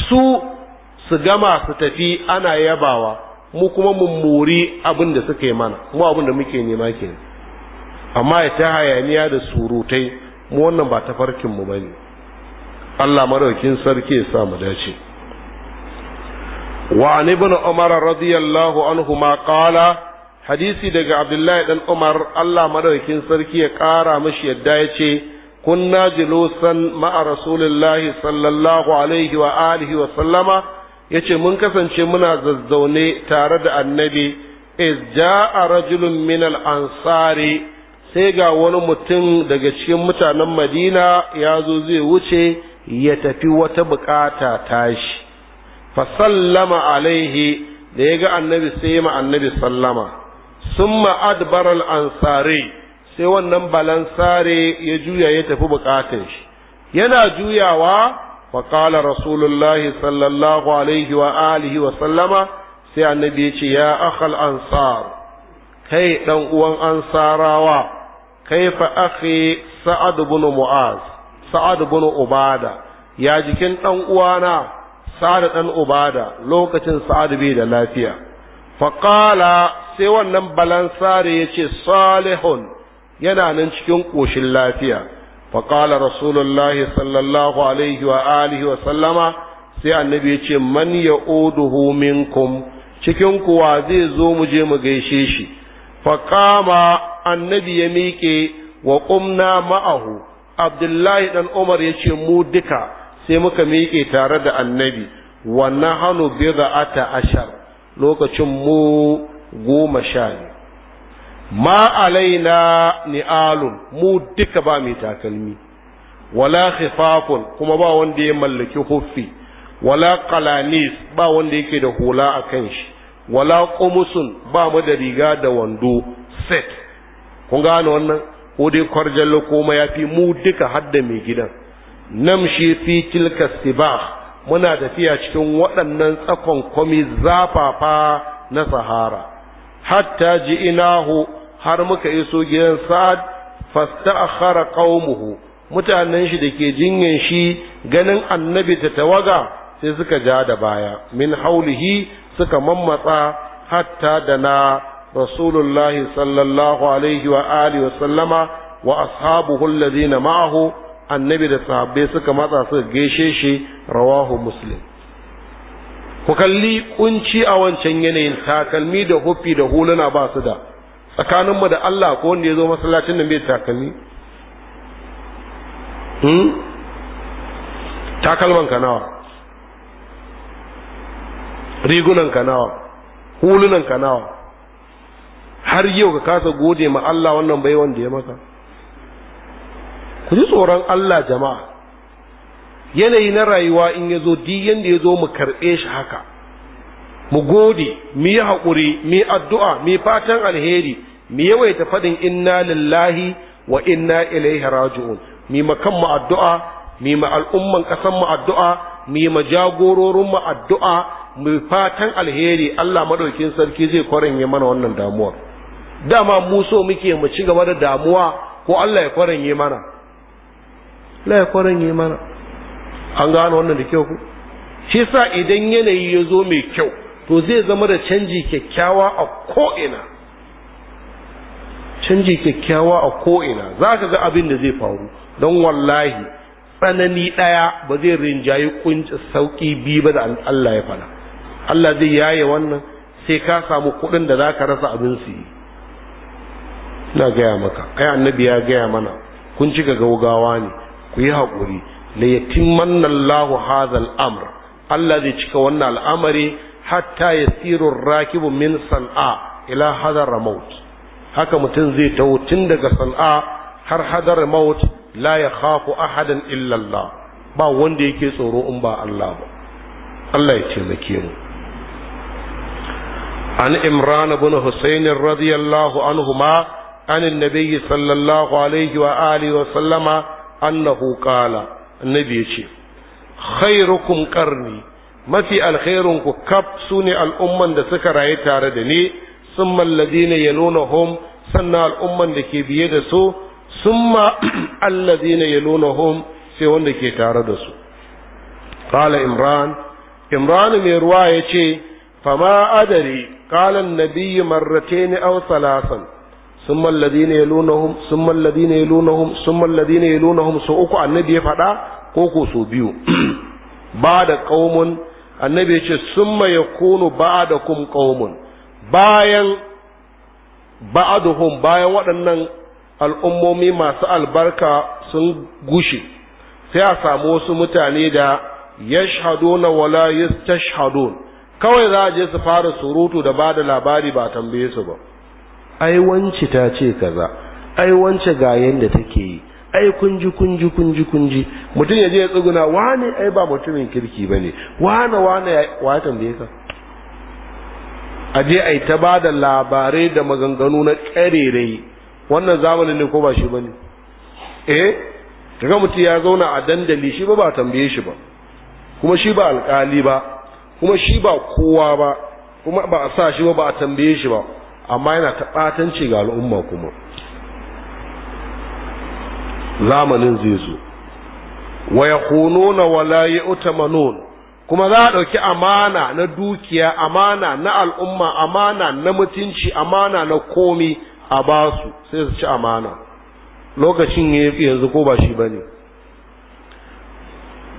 su su gama su tafi ana yabawa mu kuma mummuri abin da suka yi mana mu abin da muke nema kenan amma ya ta hayaniya da surutai mu wannan ba ta farkin mu bane Allah madaukin sarki ya sa mu dace wa an ibn umar radiyallahu anhu ma qala hadisi daga abdullahi dan umar Allah madaukin sarki ya kara mishi yadda yace kunna jilusan ma'a rasulillahi sallallahu alaihi wa alihi wa sallama yace mun kasance muna zazzaune tare da annabi iz ja'a rajulun min al-ansari sai ga wani mutum daga cikin mutanen madina ya zo zai wuce ya tafi wata bukata tashi fa sallama alaihi da ya ga annabi sai ma annabi sallama summa adbar al sai wannan balansare ya juya ya tafi bukatun shi yana juyawa wa kala rasulullahi sallallahu alaihi wa alihi wa sallama sai annabi ya ce ya akhal ansar kai dan uwan ansarawa kaifa akhi sa'ad ibn mu'az sa'ad ibn ubada ya jikin ɗan uwana sa'ad ɗan Obada, lokacin sa'ad bai da lafiya Faƙala sai wannan balan sare yace salihun yana nan cikin koshin lafiya Faƙala rasulullahi sallallahu alaihi wa alihi wa sallama sai annabi yace man ya'uduhu minkum cikin kuwa zai zo mu je mu gaishe shi faqama annabi ya miƙe wa ƙumna ma'ahu abdullahi ɗan umar ya ce mu duka sai muka miƙe tare da annabi wa biyu ata ashar lokacin mu goma sha ne ma alaina ni'alun mu duka ba mai takalmi wala khifafun kuma ba wanda ya mallaki huffi wala qalanis ba wanda yake da hula a kan shi wala qumusun ba mu da riga da wando set kun gane wannan ko dai koma ya fi mu duka hadda mai gidan namshi fi tilka sibah muna tafiya cikin waɗannan tsakon kwami zafafa na sahara hatta ji inahu har muka iso gidan sa'ad fasta'akhara qaumuhu mutanen shi dake jinyan shi ganin annabi ta tawaga sai suka ja da baya min haulihi suka mammatsa hatta da na rasulullahi sallallahu alaihi wa عليه wa sallama wa الذين معه ma'ahu annabi da sahabbai suka matsa suka gaishe shi rawahu muslim ku kalli kunci a wancan yanayin takalmi da hufi da huluna ba su da tsakaninmu da Allah ko wanda ya zo masallacin takalmi hmm? takalman kanawa, rigunan kanawa, hulunan kanawa. har yau ka kasa gode ma Allah wannan bai wanda ya maka ku ji tsoron Allah jama'a yanayi na rayuwa in ya zo di da ya zo mu karɓe shi haka mu gode mu yi haƙuri mu yi addu'a mu yi fatan alheri mu yawaita faɗin inna lillahi wa inna ilaihi raji'un mu ma mu addu'a mu ma al'umman ƙasar mu addu'a mu ma jagororin mu addu'a mu fatan alheri Allah madaukin sarki zai kwaranye mana wannan damuwar dama mu so muke mu ci gaba da damuwa ko Allah ya kwaranye mana Allah ya kwaranye mana an gano wannan da kyau ku shi sa idan yanayi ya zo mai kyau to zai zama da canji kyakkyawa a ko'ina canji kyakkyawa a ko'ina za ka ga abin da zai faru don wallahi tsanani ɗaya ba zai rinjayi kunci sauƙi biyu ba da Allah ya faɗa Allah zai yaye wannan sai ka samu kuɗin da za ka rasa abin su yi ina gaya maka ai annabi ya gaya mana kun ci ga gaugawa ne ku yi haƙuri la yatimmanna Allahu hadha al-amr Allah zai cika wannan al'amari hatta yasiru rakibu min san'a ila hadar ramaut haka mutum zai taho tun daga san'a har hadar ramaut la ya khafu ahadan illa Allah ba wanda yake tsoro in ba Allah ba Allah ya taimake mu an imran Hussaini husayn radiyallahu anhuma عن النبي صلى الله عليه وآله وسلم أنه قال النبي يشي خيركم قرني ما في الخير كب سوني الأمة دا سكر تاردني ثم الذين يلونهم سنة الأمة دكي بيدسو ثم الذين يلونهم سيون دكي تاردسو قال إمران إمران من رواية فما أدري قال النبي مرتين أو ثلاثا ثم الذين يلونهم ثم الذين يلونهم ثم الذين يلونهم سو uku annabi ya faɗa ko ko so biyu ba da qaumun annabi ya ce summa yakunu ba'dakum qaumun bayan ba'duhum bayan waɗannan al'ummomi masu albarka sun gushe sai a samu wasu mutane da yashhaduna wala yastashhadun kawai za a je su fara surutu da ba da labari ba tambaye su ba ai wance ta ce kaza ai wance ga yanda take yi ai kunji kunji kunji kunji mutum ya je ya tsuguna wane ai ba mutumin kirki bane wane wane wa tambaye ka a je ai ta ba da labarai da maganganu na karerai wannan zamanin ne ko ba shi bane eh daga mutum ya zauna a dandali shi ba ba tambaye shi ba kuma shi ba alkali ba kuma shi ba kowa ba kuma ba a sa shi ba ba a tambaye shi ba amma yana ta ɓatanci ga al'umma kuma zamanin zai zo wa yakhununa wa la kuma za a ɗauki amana na dukiya amana na al'umma amana na mutunci amana na komi a ba su, sai su ci amana lokacin yanzu ko ba shi bane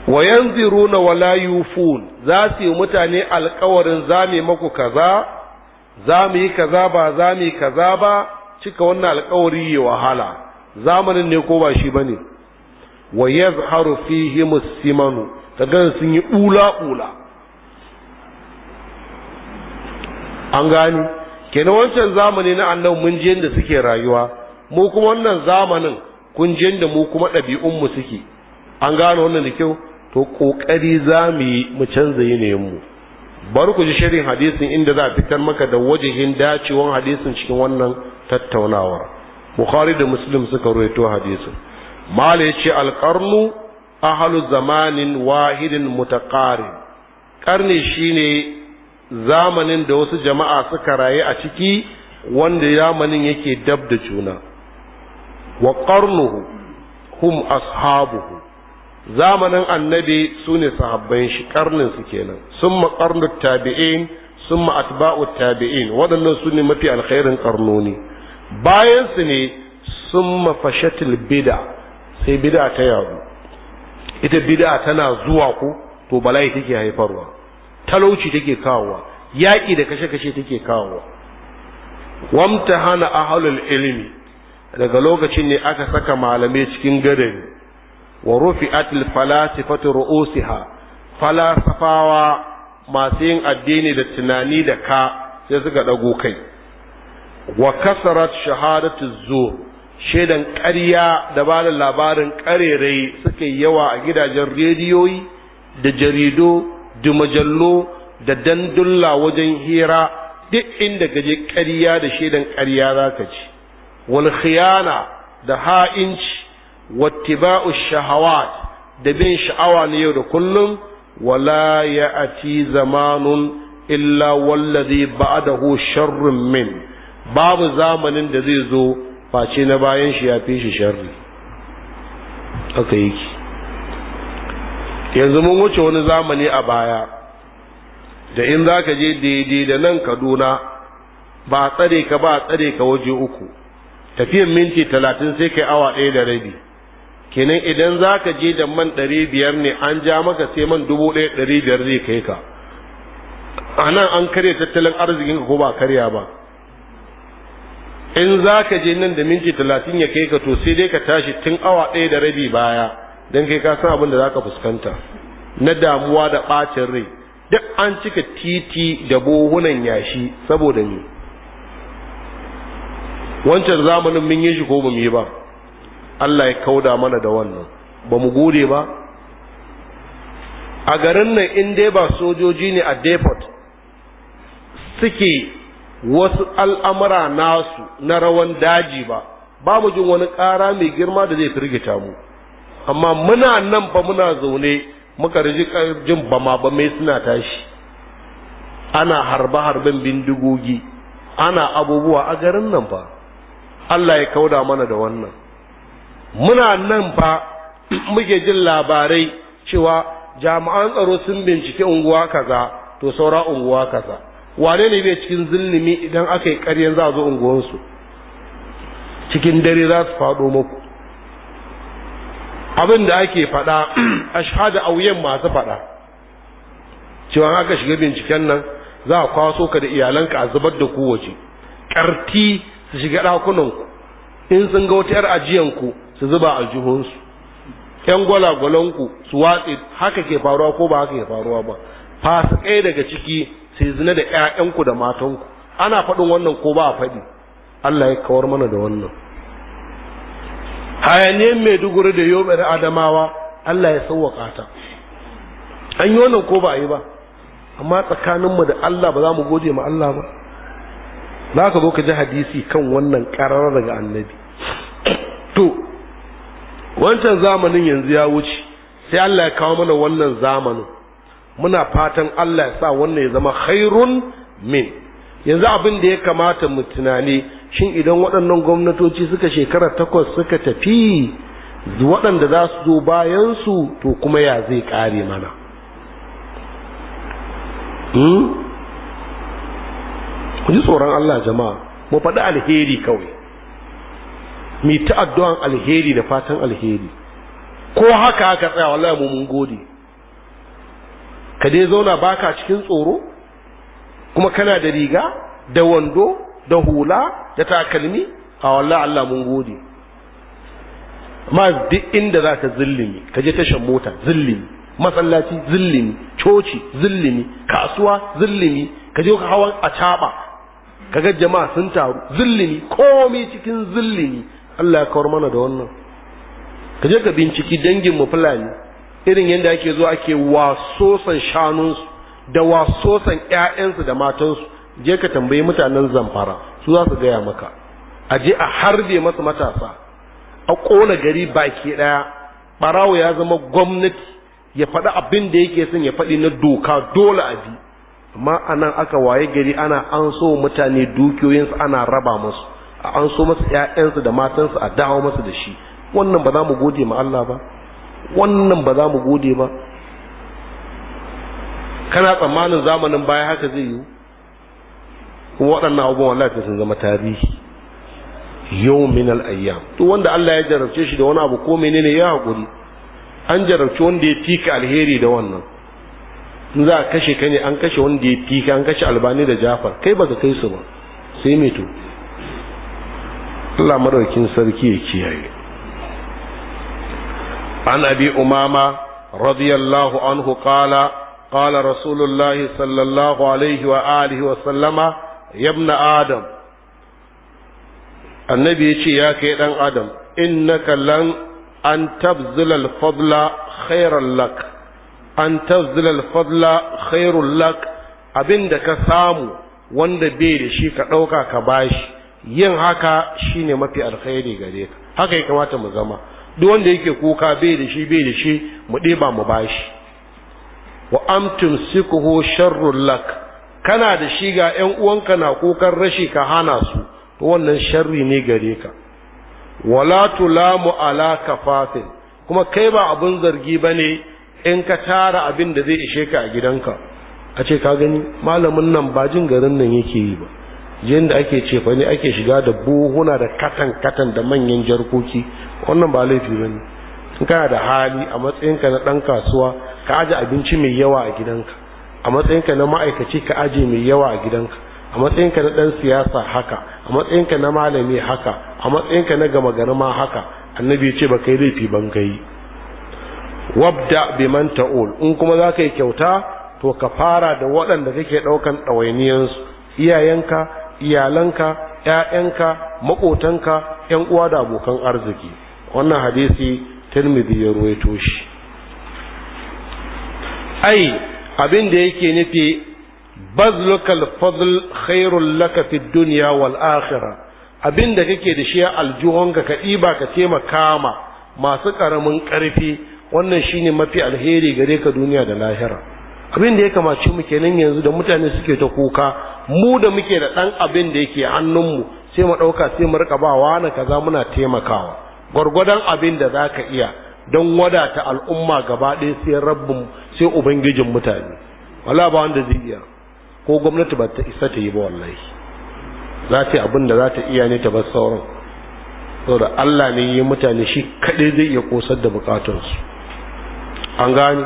wa yanziruna wa la yufun za su yi mutane alkawarin zame maku kaza za mu yi kaza ba za mu yi kaza ba cika wannan alkawari ya wahala zamanin ne ko ba shi ba ne wa fi Himus musimanu ta gan sun yi ula ula an gani kenan wancan zamani na annan mun je da suke rayuwa mu kuma wannan zamanin kun je da mu kuma ɗabi'unmu suke an gano wannan da kyau to ƙoƙari za mu yi mu canza yanayinmu mu bari ku ji shirin hadisin inda za a fitar maka da wajihin dacewan hadisin cikin wannan tattaunawar bukhari da muslim suka ruwaito hadisin mala yace alqarnu ahlu zamanin wahidin mutaqarib karni shine zamanin da wasu jama'a suka raye a ciki wanda zamanin yake dab da juna wa qarnuhu hum ashabuhu zamanin annabi su ne sahabban shi karnin su kenan sun makarnu tabi'in sun ma'atba'u tabi'in waɗannan su ne mafi alkhairin karnoni bayan su ne sun mafashatil bida sai bida ta yaro ita bida tana zuwa ku to bala'i take haifarwa talauci take kawowa yaƙi da kashe-kashe take kawowa wamta hana ahalul ilimi daga lokacin ne aka saka malamai cikin gadari wa rufi'at al-falasifatu ru'usiha falasafawa masu yin addini da tunani da ka sai suka dago kai wa kasarat shahadatu zur shaidan ƙarya da ba da labarin ƙarerai suka yi yawa a gidajen rediyoyi da jaridu da majallo da dandulla wajen hira duk inda gaje ƙarya da shaidan ƙarya za ka ci wal khiyana da ha'inci wattiba'u shahawa da bin sha'awa na yau da kullum wala ya'ati zamanun illa wallazi ba'dahu sharrin min babu zamanin da zai zo face na bayan shi ya fi shi sharri haka yake yanzu mun wuce wani zamani a baya da in za ka je daidai da nan kaduna ba a tsare ka ba a tsare ka waje uku tafiyar minti talatin sai kai awa ɗaya da rabi kenan idan za ka je da man ɗari biyar ne an ja maka sai man dubu ɗaya ɗari biyar zai kai ka a nan an karya tattalin arzikin ka ko ba karya ba in za ka je nan da minti talatin ya kai ka to sai dai ka tashi tun awa ɗaya da rabi baya don kai ka san abin da za ka fuskanta na damuwa da ɓacin rai duk an cika titi da bohunan yashi saboda ni wancan zamanin mun yi shi ko ba mu yi ba Allah ya kauda mana da wannan ba mu gode ba a garin nan in dai ba sojoji ne a depot suke wasu al'amura nasu na rawan daji ba ba mu jin wani ƙara mai girma da zai firgita mu amma muna nan ba muna zaune muka jin ma ba mai suna tashi ana harbe-harben bindigogi ana abubuwa a garin nan ba Allah ya kauda mana da wannan muna nan fa muke jin labarai cewa jami'an tsaro sun bincike unguwa kaza to saura unguwa kaza wane ne bai cikin zulmi idan aka yi ƙaryen za a zo unguwansu cikin dare za su faɗo muku abin da ake faɗa ashhadu auyen masu faɗa cewa aka shiga binciken nan za a kwaso ka da iyalanka a zubar da ku waje ƙarti su shiga ɗakunanku in sun ga wata 'yar ajiyanku su zuba a juhunsu yan gwalagwalanku su watse haka ke faruwa ko ba haka ke faruwa ba fasikai daga ciki sai zina da ƴaƴanku da matanku ana faɗin wannan ko ba a faɗi Allah ya kawar mana da wannan mai maiduguri da yobar adamawa Allah ya sauwaka ta an yi wannan ko ba a yi ba amma tsakaninmu da Allah ba za mu gode ma Allah ba za ka zo ka ji hadisi kan wannan ƙarar daga annabi to wancan zamanin yanzu ya wuce sai Allah ya kawo mana wannan zamanin muna fatan Allah ya sa wannan ya zama khairun min yanzu abin da ya kamata mu tunani shin idan waɗannan gwamnatoci suka shekara takwas suka tafi waɗanda za su zo bayansu to kuma ya zai ƙare mana hmm? ji tsoron Allah jama'a mu faɗi alheri kawai mai ta addu'an alheri da fatan alheri ko haka haka tsaya wallahi mu mun gode ka dai zauna baka cikin tsoro kuma kana da riga da wando da hula da takalmi a wallahi Allah mun gode ma duk inda zaka zillimi ka je tashan mota zillimi masallaci zillimi coci zillimi kasuwa zillimi ka je ka hawan a Ka kaga jama'a sun taru zillimi komi cikin zillimi Allah ya kawar mana da wannan ka je ka binciki dangin mu fulani irin yadda ake zo ake wasosan shanunsu da wasosan ƴaƴansu da matansu je ka tambayi mutanen zamfara su za su gaya maka a je a harbe masa matasa a ƙona gari baki ɗaya ɓarawo ya zama gwamnati ya faɗi abin da yake son ya faɗi na doka dole a bi amma anan aka waye gari ana an so mutane dukiyoyinsu ana raba musu a an so masa ƴaƴansu da matansu a dawo masa da shi wannan ba za mu gode ma Allah ba wannan ba za mu gode ba kana tsammanin zamanin baya haka zai yi waɗannan abubuwan wallahi sun zama tarihi yau min al'ayyam to wanda Allah ya jarabce shi da wani abu ko menene ya haƙuri an jarabce wanda ya tika alheri da wannan in za a kashe ka ne an kashe wanda ya tika an kashe albani da jafar kai ba ka kai su ba sai me to Allah madaukin sarki ya kiyaye an abi umama radiyallahu anhu qala qala rasulullahi sallallahu alaihi wa alihi wa sallama yabna adam annabi ce ya kai dan adam innaka lan an tabzila al-fadla khairan lak an tabzila al-fadla khairul lak abinda ka samu wanda bai da shi ka dauka ka bashi yin haka shine mafi alkhairi gare ka haka ya kamata mu zama duk wanda yake kuka bai da shi bai da shi mu ɗeba mu bashi wa amtum sikuhu sharrul lak kana da shi ga ƴan uwanka na kukan rashi ka hana su to wannan sharri ne gare ka wala tulamu ala kafafin kuma kai ba abun zargi ne in ka tara abin da zai ishe ka a gidanka a ce ka gani malamin nan ba jin garin nan yake yi ba yadda da ake cefa ne ake shiga da buhuna da katan katan da manyan jarkoki wannan ba laifi bane in kana da hali a matsayinka na ɗan kasuwa ka aji abinci mai yawa a gidanka a matsayinka na ma'aikaci ka aje mai yawa a gidanka a matsayinka na ɗan siyasa haka a matsayinka na malami haka a matsayinka na gama gari ma haka annabi ya ce ba kai laifi ban kai wabda man ta'ul in kuma za ka yi kyauta to ka fara da waɗanda kake ɗaukan ɗawainiyansu iyayenka iyalanka ƴaƴanka maƙotanka ƴan uwa da abokan arziki wannan hadisi tirmidhi ya ruwaito shi ai abin da yake nufi bazlukal fadl khairul laka fid dunya wal akhirah abin da kake da shi a aljuhon ka ɗiba ka taimaka ma masu ƙaramin ƙarfi wannan shine mafi alheri gare ka duniya da lahira abin da ya kamace mu kenan yanzu da mutane suke ta kuka mu da muke da dan abin da yake hannunmu sai mu dauka sai mu rika bawa na kaza muna taimakawa gwargwadon abin da zaka iya don wadata al'umma gaba ɗaya sai rabbin sai ubangijin mutane wala ba wanda zai iya ko gwamnati ba ta isa ta yi ba wallahi za ta abin da za ta iya ne ta bar sauran saboda Allah ne yi mutane shi kaɗai zai iya kosar da bukatunsu an gane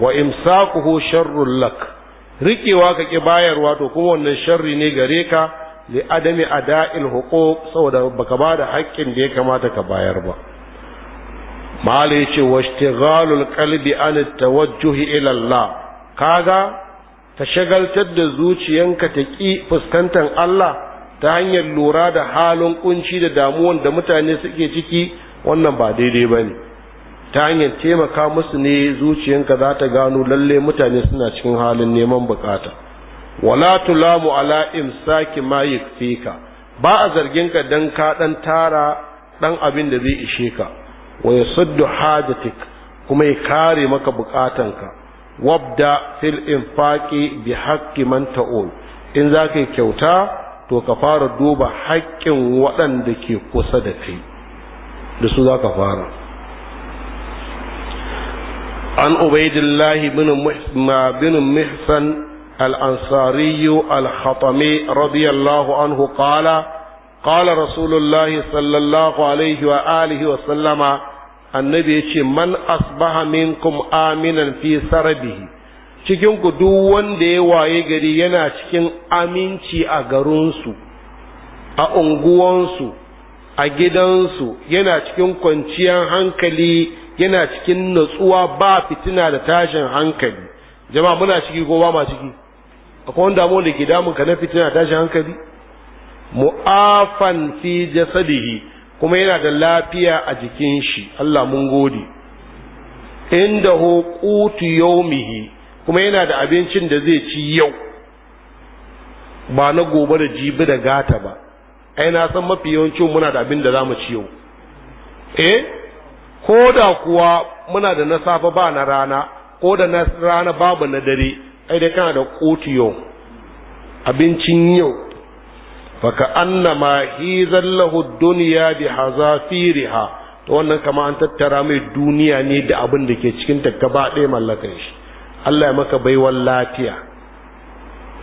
wa imsakuhu sharrul lak rikewa ka ki bayarwa to kuma wannan sharri ne gare ka li adami ada'il huquq saboda baka ba da haƙƙin da ya kamata ka bayar ba mala yace washtighalul qalbi an tawajjuhi ila Allah kaga ta shagaltar da zuciyanka ta ki fuskantar Allah ta hanyar lura da halin kunci da damuwan da mutane suke ciki wannan ba daidai bane ta hanyar taimaka musu ne zuciyanka za ta gano lalle mutane suna cikin halin neman bukata wala tulamu ala imsaki ma yakfika ba a zargin ka dan ka dan tara dan abin da zai ishe ka wa yasuddu hajatik kuma ya kare maka bukatanka wabda fil infaqi bi haqqi man ta'ul in za kyauta to ka fara duba haƙƙin waɗanda ke kusa da kai da su za fara عن عبيد an ubaidillahi بن محسن الأنصاري الخطمي رضي الله عنه قال قال رسول الله صلى الله عليه وآله وسلم النبي من أصبح منكم آمنا في سربه cikin ku duk wanda ya waye gari yana cikin aminci a garinsu a unguwansu a gidansu yana cikin kwanciyar hankali yana cikin natsuwa ba fitina da tashin hankali jama'a muna ciki ko ba ma ciki akwai wanda mu da ke damun ka na fitina tashin hankali mu'afan fi jasadihi kuma yana da lafiya a jikin shi Allah mun gode inda qutu yawmihi kuma yana da abincin da zai ci yau ba na gobe da jibi da gata ba ai na san mafi yawancin muna da abin da zamu ci yau eh ko da kuwa muna da na safe ba na rana ko da na rana babu na dare ai dai kana da kotu yau abincin yau faka annama hi lahu duniya bi hazafiriha to wannan kama an tattara mai duniya ne da abin da ke cikin ta gaba ɗaya mallakan shi Allah ya maka baiwan lafiya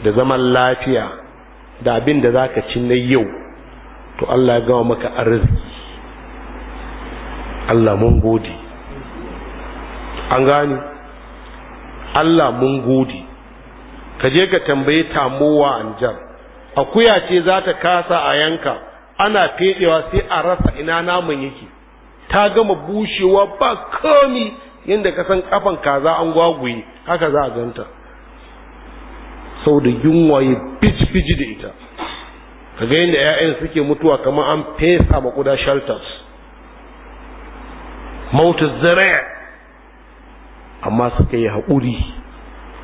da zaman lafiya da abin da zaka ci na yau to Allah ya gawa maka arziki Allah mun gode an gani Allah mun gode ka je ka tambaye tamowa anjar akuya ce za ta kasa a yanka ana fedewa sai a rasa ina namun yake ta gama bushewa ba komi yadda ka san kafan kaza an gwagwaye haka za a ganta sau da yunwa ya fiji da ita ka ga yadda 'ya'yan suke mutuwa kamar an fesa makuda shelters mautu zare amma suka yi haƙuri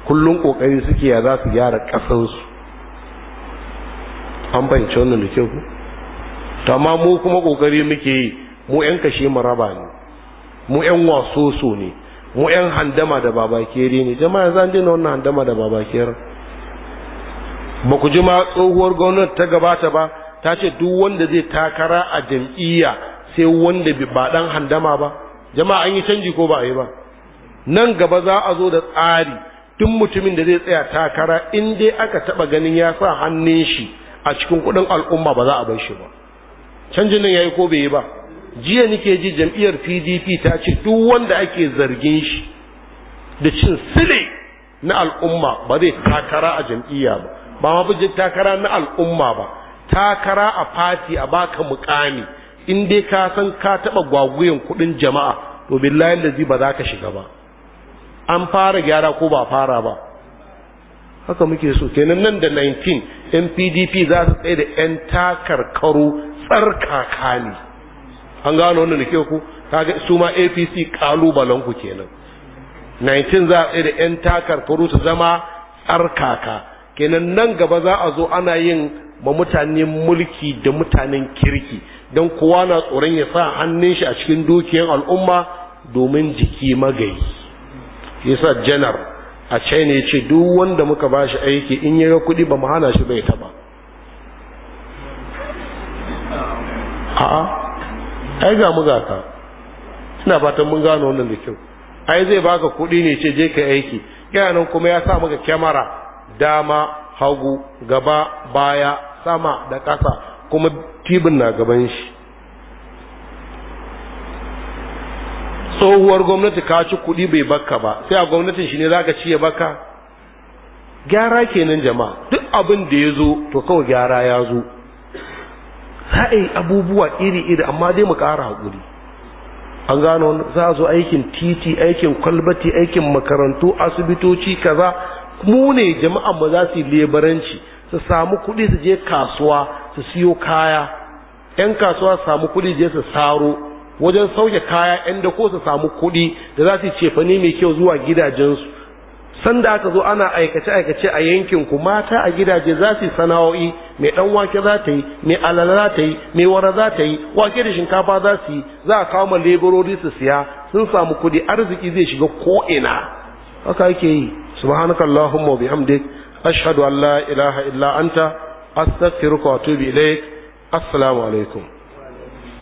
kullum ƙoƙari suke ya za su gyara ƙasansu an bayyance wannan da kyau ta ma mu kuma ƙoƙari muke yi mu 'yan kashe mu raba ne mu 'yan wasoso ne mu 'yan handama da babakere ne jama'a zan na wannan handama da babakere ba ku ji ma tsohuwar gwamnati ta gabata ba ta ce duk wanda zai takara a jam'iyya sai wanda ba dan handama ba jama'a an yi canji ko ba a yi ba nan gaba za a zo da tsari tun mutumin da zai tsaya takara in dai aka taba ganin ya sa hannun shi a cikin kudin al'umma ba za a bar shi ba canjin nan yayi ko bai yi ba jiya nike ji jam'iyyar PDP ta ce duk wanda ake zargin shi da cin sile na al'umma ba zai takara a jam'iyya ba ba ma takara na al'umma ba takara a fati a baka mukami in dai ka san ka taɓa gwagwuyan kuɗin jama'a to billahi lazi ba za ka shiga ba an fara gyara ko ba fara ba haka muke so kenan nan da 19 NPDP za su tsaye da 'yan takarkaru tsarkaka ne an gano wannan da ke ku kaga su ma APC kalubalen ku kenan 19 za a tsaye da 'yan takarkaru su zama tsarkaka kenan nan gaba za a zo ana yin ma mutanen mulki da mutanen kirki don kowa na tsoron ya sa hannun shi a cikin dukiyar al'umma domin jiki magayi yasa janar a china ya ce duk wanda muka ba shi aiki in yi kuɗi ba mu hana shi bai taba a'a ai ga mu ka ina fatan mun gano wannan da kyau ai zai baka kuɗi ne ce je ka aiki yana kuma ya sa maka kyamara dama hagu gaba baya sama da ƙasa kuma tibin na gaban shi tsohuwar gwamnati ka ci kuɗi bai baka ba sai a gwamnatin shi ne za ka ciye baka gyara kenan jama'a duk abin da ya zo to kawai gyara ya zo yi abubuwa iri-iri amma dai mu ƙara haƙuri an gano za a zo aikin titi aikin kwalbati aikin makarantu asibitoci kaza mu ne jama'an mu za su yi lebaranci su samu kuɗi su je kasuwa su siyo kaya yan kasuwa su samu kuɗi je su saro wajen sauke kaya yan da ko su samu kuɗi da za su yi cefane mai kyau zuwa gidajensu sanda aka zo ana aikace aikace a yankin ku mata a gidaje za su yi sana'o'i mai dan wake za ta yi mai alala za ta yi mai wara za ta yi wake da shinkafa za su yi za a kawo ma leburori su siya sun samu kuɗi arziki zai shiga ko'ina haka ake yi subhanaka allahumma bihamdik ashhadu an la ilaha illa anta astaghfiruka wa atubu ilaik assalamu alaikum